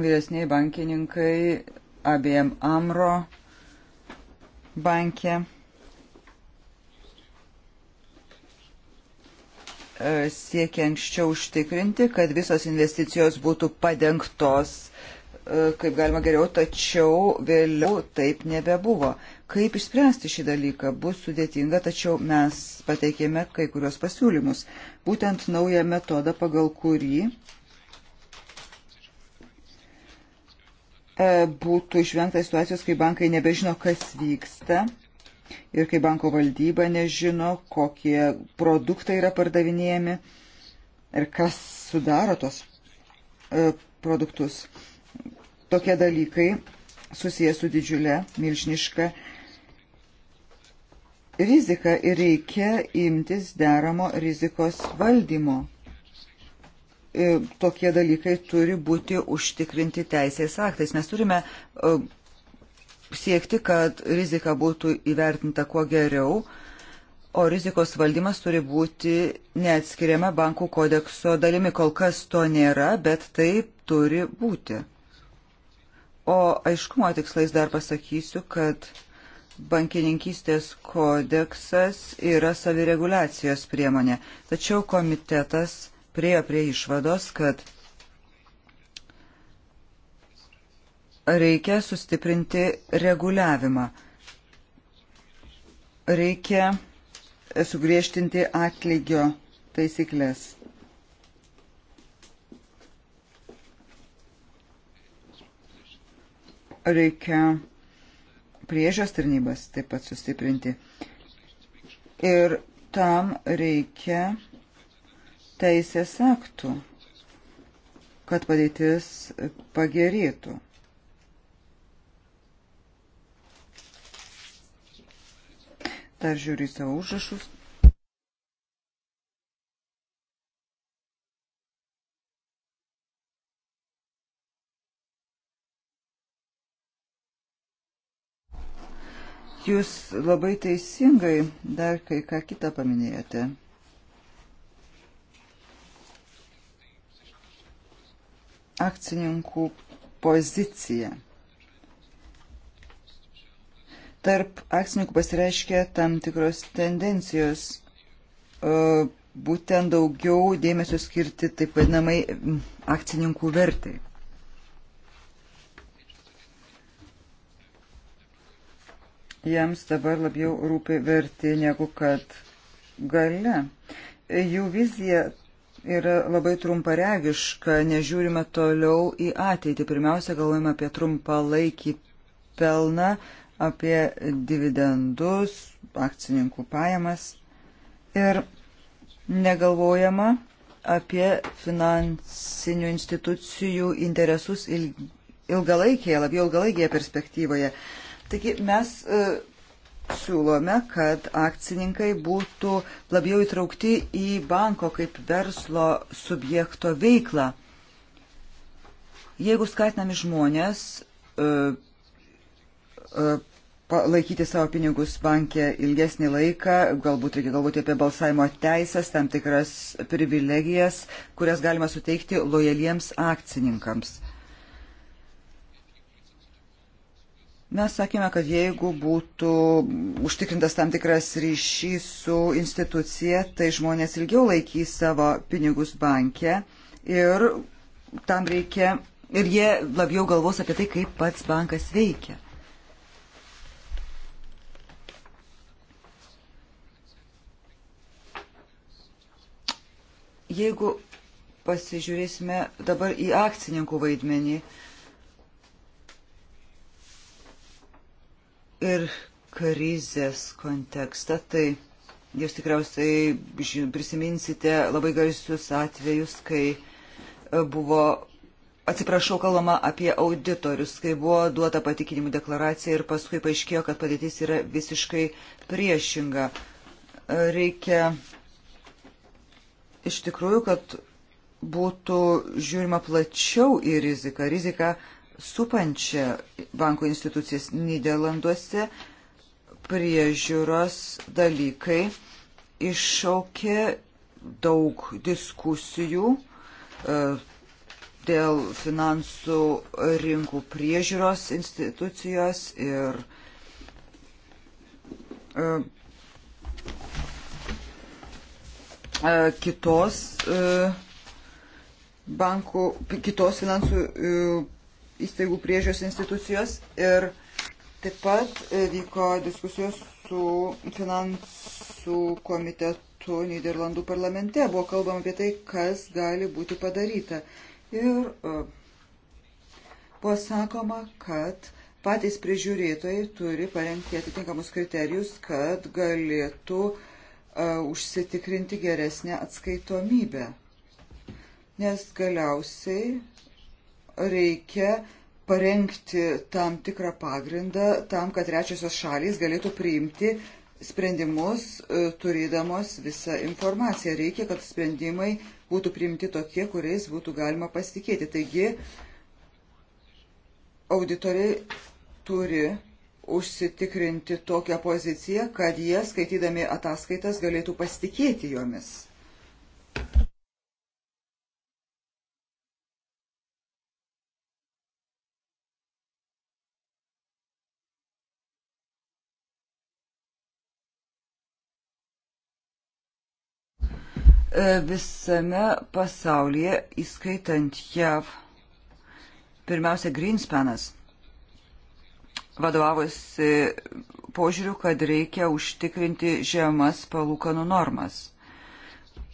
vyresniai bankininkai ABM Amro banke. siekia anksčiau užtikrinti, kad visos investicijos būtų padengtos e, kaip galima geriau, tačiau vėliau taip nebebuvo. Kaip išspręsti šį dalyką bus sudėtinga, tačiau mes pateikėme kai kurios pasiūlymus. Būtent naują metodą, pagal kurį E, būtų išvengta situacijos, kai bankai nebežino, kas vyksta ir kai banko valdyba nežino, kokie produktai yra pardavinėjami ir kas sudaro tos e, produktus. Tokie dalykai susijęs su didžiulė, milžiniška rizika ir reikia imtis deramo rizikos valdymo. E, tokie dalykai turi būti užtikrinti teisės aktais. Mes turime e, siekti, kad rizika būtų įvertinta kuo geriau, o rizikos valdymas turi būti neatskiriama bankų kodekso dalimi. Kol kas to nėra, bet taip turi būti. O aiškumo tikslais dar pasakysiu, kad bankininkystės kodeksas yra savireguliacijos priemonė, tačiau komitetas priejo prie išvados, kad reikia sustiprinti reguliavimą. Reikia sugriežtinti atlygio taisyklės. Reikia priežios tarnybas taip pat sustiprinti. Ir tam reikia teisės aktų, kad padėtis pagerėtų. Dar žiūriu į savo užrašus. Jūs labai teisingai dar kai ką kitą paminėjote. akcininkų poziciją. Tarp akcininkų pasireiškia tam tikros tendencijos e, būtent daugiau dėmesio skirti taip vadinamai akcininkų vertai. Jiems dabar labiau rūpi verti negu kad gale. Jų vizija yra labai trumparegiška, nežiūrime toliau į ateitį. Pirmiausia, galvojame apie trumpalaikį pelną, apie dividendus, akcininkų pajamas ir negalvojama apie finansinių institucijų interesus ilgalaikėje, labiau ilgalaikėje perspektyvoje. Taigi mes e, siūlome, kad akcininkai būtų labiau įtraukti į banko kaip verslo subjekto veiklą. Jeigu skatinami žmonės uh, uh, laikyti savo pinigus bankė ilgesnį laiką, galbūt reikia galvoti apie balsavimo teisės, tam tikras privilegijas, kurias galima suteikti lojaliems akcininkams. Mes sakėme, kad jeigu būtų užtikrintas tam tikras ryšys su institucija, tai žmonės ilgiau laikys savo pinigus banke ir tam reikia, ir jie labiau galvos apie tai, kaip pats bankas veikia. Jeigu pasižiūrėsime dabar į akcininkų vaidmenį, uh, ir krizės kontekstą, tai jūs tikriausiai prisiminsite labai garsius atvejus, kai e, buvo, atsiprašau, kalbama apie auditorius, kai buvo duota patikinimų deklaracija ir paskui paaiškėjo, kad padėtis yra visiškai priešinga. E, reikia iš tikrųjų, kad būtų žiūrima plačiau į riziką. Rizika, rizika supančią banko institucijas Niderlanduose priežiūros dalykai iššaukė daug diskusijų e, dėl finansų rinkų priežiūros institucijos ir e, e, kitos bankų, kitos finansų įstaigų priežios institucijos ir taip pat e, vyko diskusijos su finansų komitetu Niderlandų parlamente. Buvo kalbama apie tai, kas gali būti padaryta. Ir e, buvo sakoma, kad patys prižiūrėtojai turi parengti atitinkamus kriterijus, kad galėtų uh, užsitikrinti geresnę atskaitomybę. Nes galiausiai reikia parengti tam tikrą pagrindą tam, kad trečiosios šalys galėtų priimti sprendimus e, turėdamos visą informaciją. Reikia, kad sprendimai būtų priimti tokie, kuriais būtų galima pasitikėti. Taigi, auditoriai turi užsitikrinti tokią poziciją, kad jie, skaitydami ataskaitas, galėtų pasitikėti jomis. E, visame pasaulyje, įskaitant JAV, pirmiausia, Greenspanas vadovavosi požiūriu, kad reikia užtikrinti žemas palūkanų normas.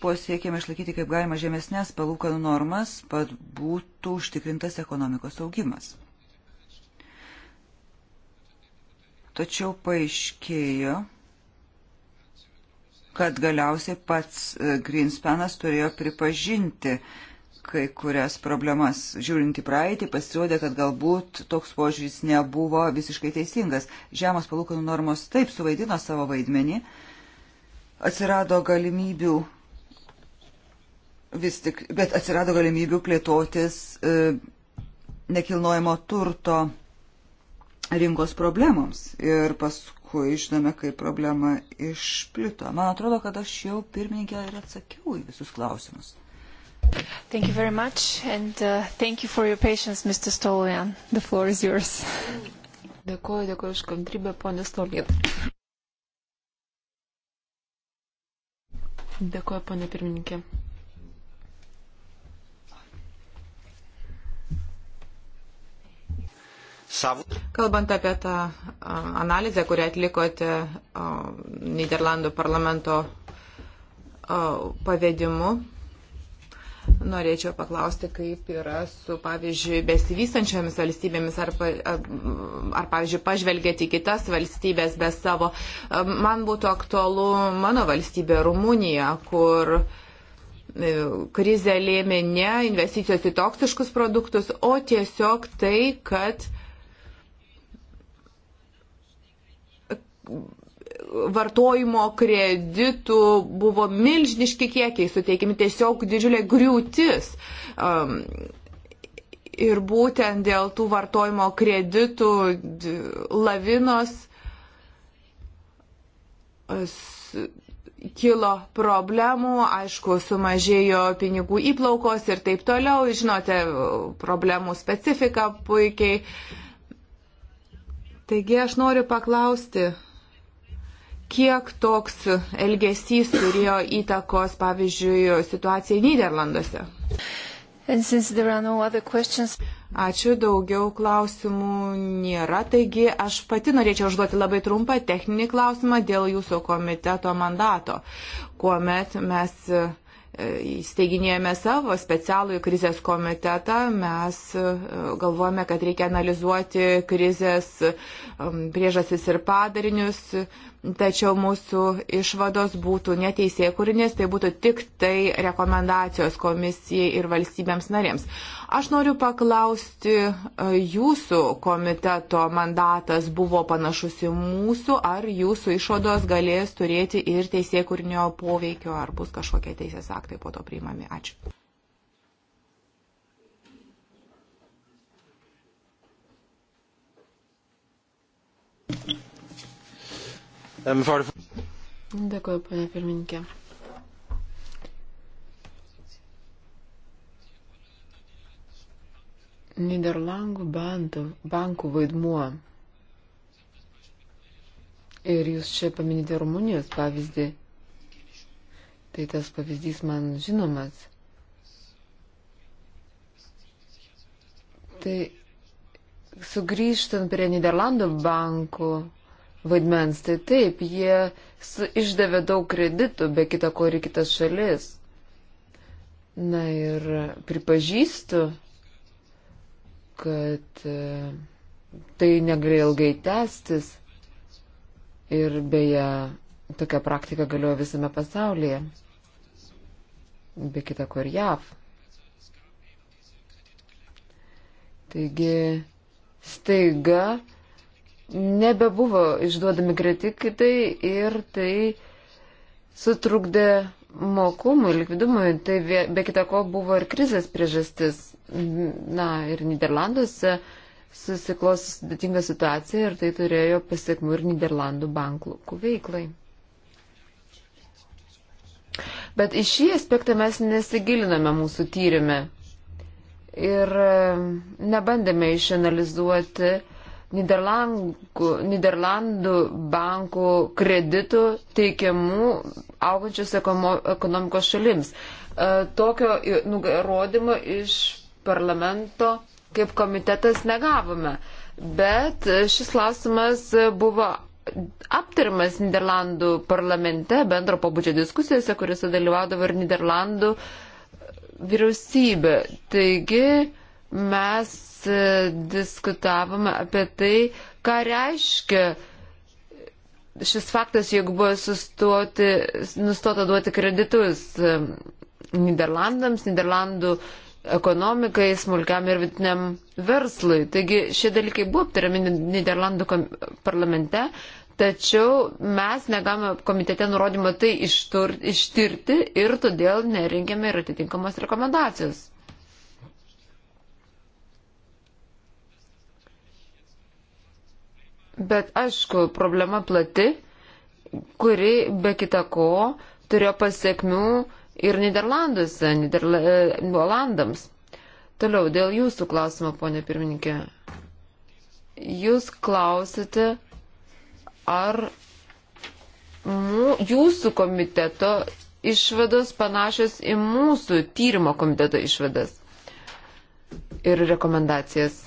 Posiekėme išlaikyti kaip galima žemesnės palūkanų normas, kad būtų užtikrintas ekonomikos augimas. Tačiau paaiškėjo, kad galiausiai pats e, Greenspanas turėjo pripažinti kai kurias problemas. Žiūrint į praeitį, pasirodė, kad galbūt toks požiūris nebuvo visiškai teisingas. Žemos palūkanų normos taip suvaidino savo vaidmenį, atsirado galimybių vis tik, bet atsirado galimybių plėtotis e, nekilnojamo turto rinkos problemams. Ir paskui paskui žinome, kaip problema išplito. Man atrodo, kad aš jau pirmininkė ir atsakiau į visus klausimus. Thank you very much and uh, thank you for your patience, Mr. Stolian. The floor is yours. Dėkuoju, dėkuoju už kantrybę, ponė Stolian. Dėkuoju, ponė pirmininkė. Kalbant apie tą analizę, kurią atlikote Niderlandų parlamento pavedimu, norėčiau paklausti, kaip yra su, pavyzdžiui, besivystančiomis valstybėmis, ar, ar pavyzdžiui, pažvelgėti į kitas valstybės be savo. Man būtų aktualu mano valstybė Rumunija, kur krizė lėmė ne investicijos į toksiškus produktus, o tiesiog tai, kad vartojimo kreditų buvo milžiniški kiekiai suteikiami, tiesiog didžiulė griūtis. Um, ir būtent dėl tų vartojimo kreditų lavinos kilo problemų, aišku, sumažėjo pinigų įplaukos ir taip toliau, žinote, problemų specifiką puikiai. Taigi aš noriu paklausti, kiek toks elgesys turėjo įtakos, pavyzdžiui, situacijai Niderlanduose. No Ačiū, daugiau klausimų nėra, taigi aš pati norėčiau užduoti labai trumpą techninį klausimą dėl jūsų komiteto mandato, kuomet mes e, įsteiginėjome savo specialųjį krizės komitetą, mes e, galvojame, kad reikia analizuoti krizės priežasis ir padarinius, tačiau mūsų išvados būtų neteisėkurinės, tai būtų tik tai rekomendacijos komisijai ir valstybėms narėms. Aš noriu paklausti, e, jūsų komiteto mandatas buvo panašus į mūsų, ar jūsų išvados galės turėti ir teisėkurinio poveikio, ar bus kažkokie teisės aktai po to priimami. Ačiū. Thank you. Um, Dėkuoju, ponia pirmininkė. Niderlandų bankų vaidmuo. Ir jūs čia paminite Rumunijos pavyzdį. Tai tas pavyzdys man žinomas. Tai sugrįžtant prie Niderlandų bankų vaidmens, tai taip, jie išdavė daug kreditų, be kita ko ir kitas šalis. Na ir pripažįstu, kad e, tai negalėjo ilgai tęstis ir beje, tokia praktika galioja visame pasaulyje, be kita ko ir JAV. Taigi, staiga nebebuvo išduodami kreditai ir tai sutrukdė mokumui, likvidumui. Tai be kita ko buvo ir krizės priežastis. Na ir Niderlanduose susiklosi sudėtinga situacija ir tai turėjo pasiekmių ir Niderlandų bankų veiklai. Bet į šį aspektą mes nesigiliname mūsų tyrimė ir e, nebandėme išanalizuoti uh, Niderlandų, Niderlandų bankų kreditų teikiamų augančios ekonomikos šalims. E, tokio nurodymo iš parlamento kaip komitetas negavome, bet šis klausimas buvo aptarimas Niderlandų parlamente bendro pobūdžio diskusijose, kuriuose dalyvaudavo ir Niderlandų vyriausybė. Taigi, mes e, diskutavome apie tai, ką reiškia šis faktas, jeigu buvo sustoti, nustota duoti kreditus e, Niderlandams, Niderlandų ekonomikai, smulkiam ir vidiniam verslui. Taigi šie dalykai buvo aptariami Niderlandų parlamente, tačiau mes negavome komitete nurodymo tai ištur, ištirti ir todėl nerinkėme ir atitinkamos rekomendacijos. Bet aišku, problema plati, kuri be kita ko turėjo pasiekmių ir Niderlanduose, Niderla... E, Olandams. Toliau, dėl jūsų klausimo, ponė pirmininkė. Jūs klausite, ar mū, jūsų komiteto išvados panašios į mūsų tyrimo komiteto išvadas ir rekomendacijas.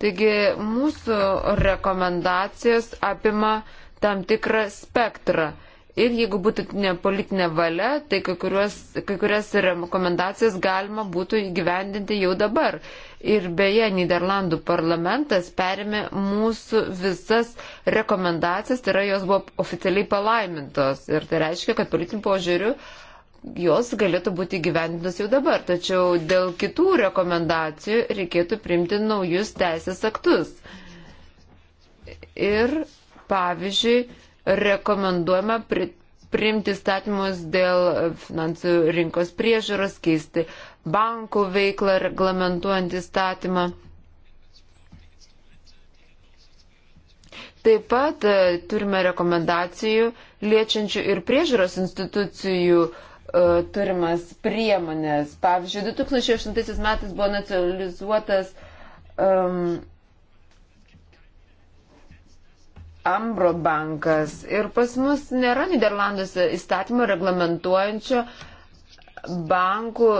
Taigi mūsų rekomendacijos apima tam tikrą spektrą. Ir jeigu būtų ne politinė valia, tai kai, kuriuos, kai kurias rekomendacijas galima būtų įgyvendinti jau dabar. Ir beje, Niderlandų parlamentas perėmė mūsų visas rekomendacijas, tai yra jos buvo oficialiai palaimintos. Ir tai reiškia, kad politiniu požiūriu jos galėtų būti gyvendintos jau dabar, tačiau dėl kitų rekomendacijų reikėtų priimti naujus teisės aktus. Ir, pavyzdžiui, rekomenduojama priimti statymus dėl finansų rinkos priežiūros, keisti bankų veiklą reglamentuojant įstatymą. Taip pat e, turime rekomendacijų liečiančių ir priežiūros institucijų uh, E, turimas priemonės. Pavyzdžiui, 2008 metais buvo nacionalizuotas um, Ambro bankas ir pas mus nėra Niderlanduose įstatymo reglamentuojančio bankų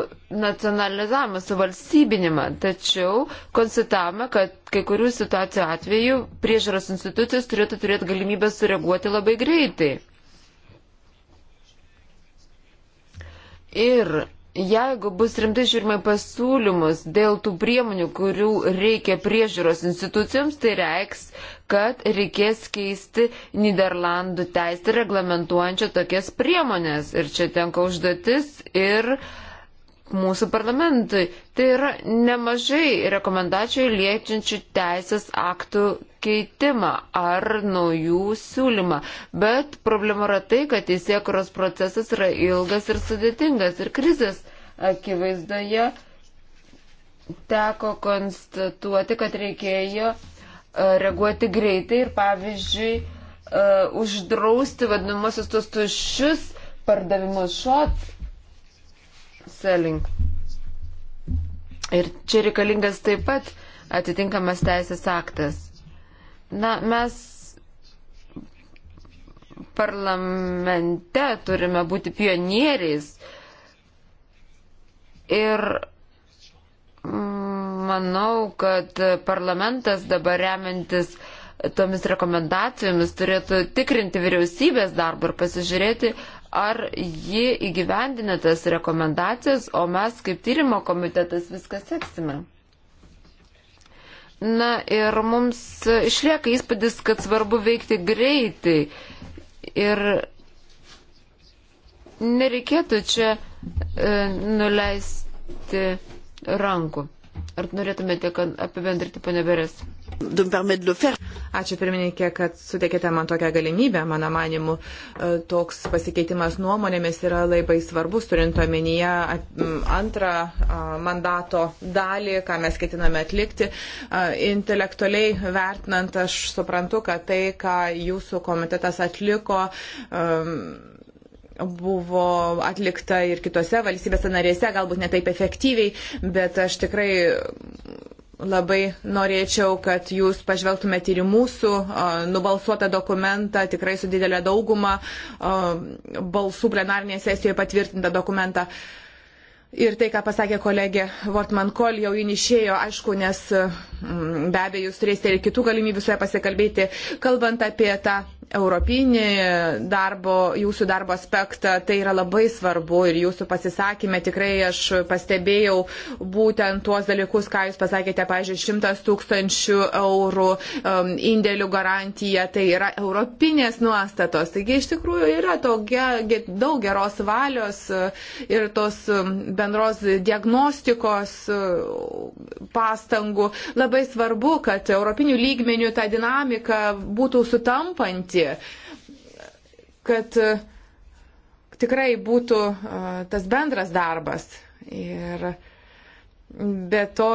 nacionalizavimą, suvalstybinimą. Tačiau konstatavome, kad kai kurių situacijų atveju priežaros institucijos turėtų turėti galimybę sureaguoti labai greitai. Ir jeigu bus rimtai žiūrima pasiūlymus dėl tų priemonių, kurių reikia priežiūros institucijoms, tai reiks, kad reikės keisti Niderlandų teisę reglamentuojančią tokias priemonės. Ir čia tenka užduotis ir uh, mūsų parlamentui. Tai yra nemažai rekomendacijų liečiančių teisės aktų keitimą ar naujų siūlymą. Bet problema yra tai, kad teisėkuros procesas yra ilgas ir sudėtingas ir krizės akivaizdoje teko konstatuoti, kad reikėjo e, reaguoti greitai ir pavyzdžiui e, uždrausti vadinamosius tos tuščius pardavimus šot Selling. Ir čia reikalingas taip pat atitinkamas teisės aktas. Na, mes parlamente turime būti pionieriais ir mm, manau, kad parlamentas dabar remiantis tomis rekomendacijomis turėtų tikrinti vyriausybės darbą ir pasižiūrėti, ar ji įgyvendina tas rekomendacijas, o mes kaip tyrimo komitetas viską seksime. Na ir mums išlieka įspūdis, kad svarbu veikti greitai ir nereikėtų čia e, nuleisti rankų. Ar norėtumėte, kad apibendrinti paneberės? Ačiū pirmininkė, kad suteikėte man tokią galimybę. Mano manimu, e, toks pasikeitimas nuomonėmis yra labai svarbus, turint omenyje antrą mandato dalį, ką mes ketiname atlikti. Intelektualiai vertinant, aš suprantu, kad tai, ką jūsų komitetas atliko, um, buvo atlikta ir kitose valstybėse narėse, galbūt netaip efektyviai, bet aš tikrai labai norėčiau, kad jūs pažvelgtumėte ir į mūsų nubalsuotą dokumentą, tikrai su didelė dauguma balsų plenarnėje sesijoje patvirtintą dokumentą. Ir tai, ką pasakė kolegė Vortman Kol, jau inišėjo, aišku, nes mm, be abejo, jūs turėsite ir kitų galimybių su ja pasikalbėti, kalbant apie tą europinį darbo, jūsų darbo aspektą, tai yra labai svarbu ir jūsų pasisakymė tikrai aš pastebėjau būtent tuos dalykus, ką jūs pasakėte, pažiūrėjau, 100 tūkstančių eurų um, indėlių garantija, tai yra europinės nuostatos. Taigi iš tikrųjų yra tokia daug geros valios uh, ir tos um, bendros diagnostikos uh, pastangų. Labai svarbu, kad europinių lygmenių ta dinamika būtų sutampanti siekį, kad e, tikrai būtų e, tas bendras darbas. Ir uh, Be to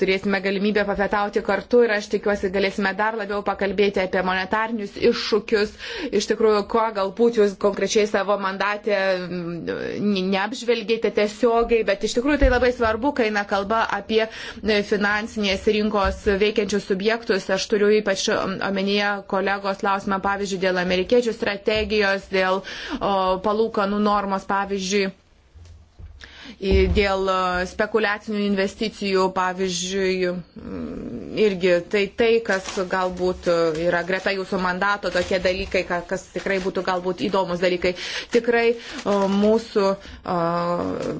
turėsime galimybę papetauti kartu ir aš tikiuosi galėsime dar labiau pakalbėti apie monetarnius iššūkius, iš tikrųjų, ko galbūt jūs konkrečiai savo mandatę neapžvelgėte tiesiogiai, bet iš tikrųjų tai labai svarbu, kai eina kalba apie e, finansinės rinkos veikiančius subjektus. Aš turiu ypač omenyje kolegos klausimą, pavyzdžiui, dėl amerikiečių strategijos, dėl palūkanų normos, pavyzdžiui dėl e, spekuliacinių investicijų, pavyzdžiui, mm, irgi tai tai, kas galbūt e, yra greta jūsų mandato, tokie dalykai, kas tikrai būtų galbūt įdomus dalykai. Tikrai e, mūsų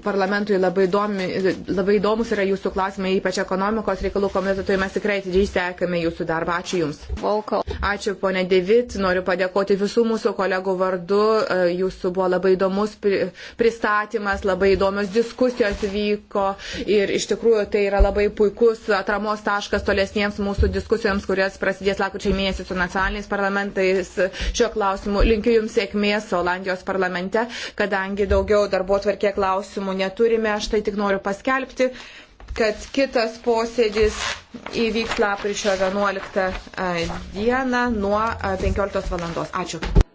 parlamentui labai, įdomi, labai įdomus yra jūsų klausimai, ypač ekonomikos reikalų komitetui, mes tikrai atidžiai sekame jūsų darbą. Ačiū Jums. Ačiū, ponė Devit, noriu padėkoti visų mūsų kolegų vardu, jūsų buvo labai įdomus pristatymas, labai įdomios diskusijos diskusijos vyko ir iš tikrųjų tai yra labai puikus atramos taškas tolesniems mūsų diskusijoms, kurias prasidės lakučiai mėnesį su nacionaliniais parlamentais šiuo klausimu. Linkiu Jums sėkmės Olandijos parlamente, kadangi daugiau darbo tvarkė klausimų neturime, aš tai tik noriu paskelbti kad kitas posėdis įvyks lapkričio 11 e, dieną nuo 15 e, valandos. Ačiū.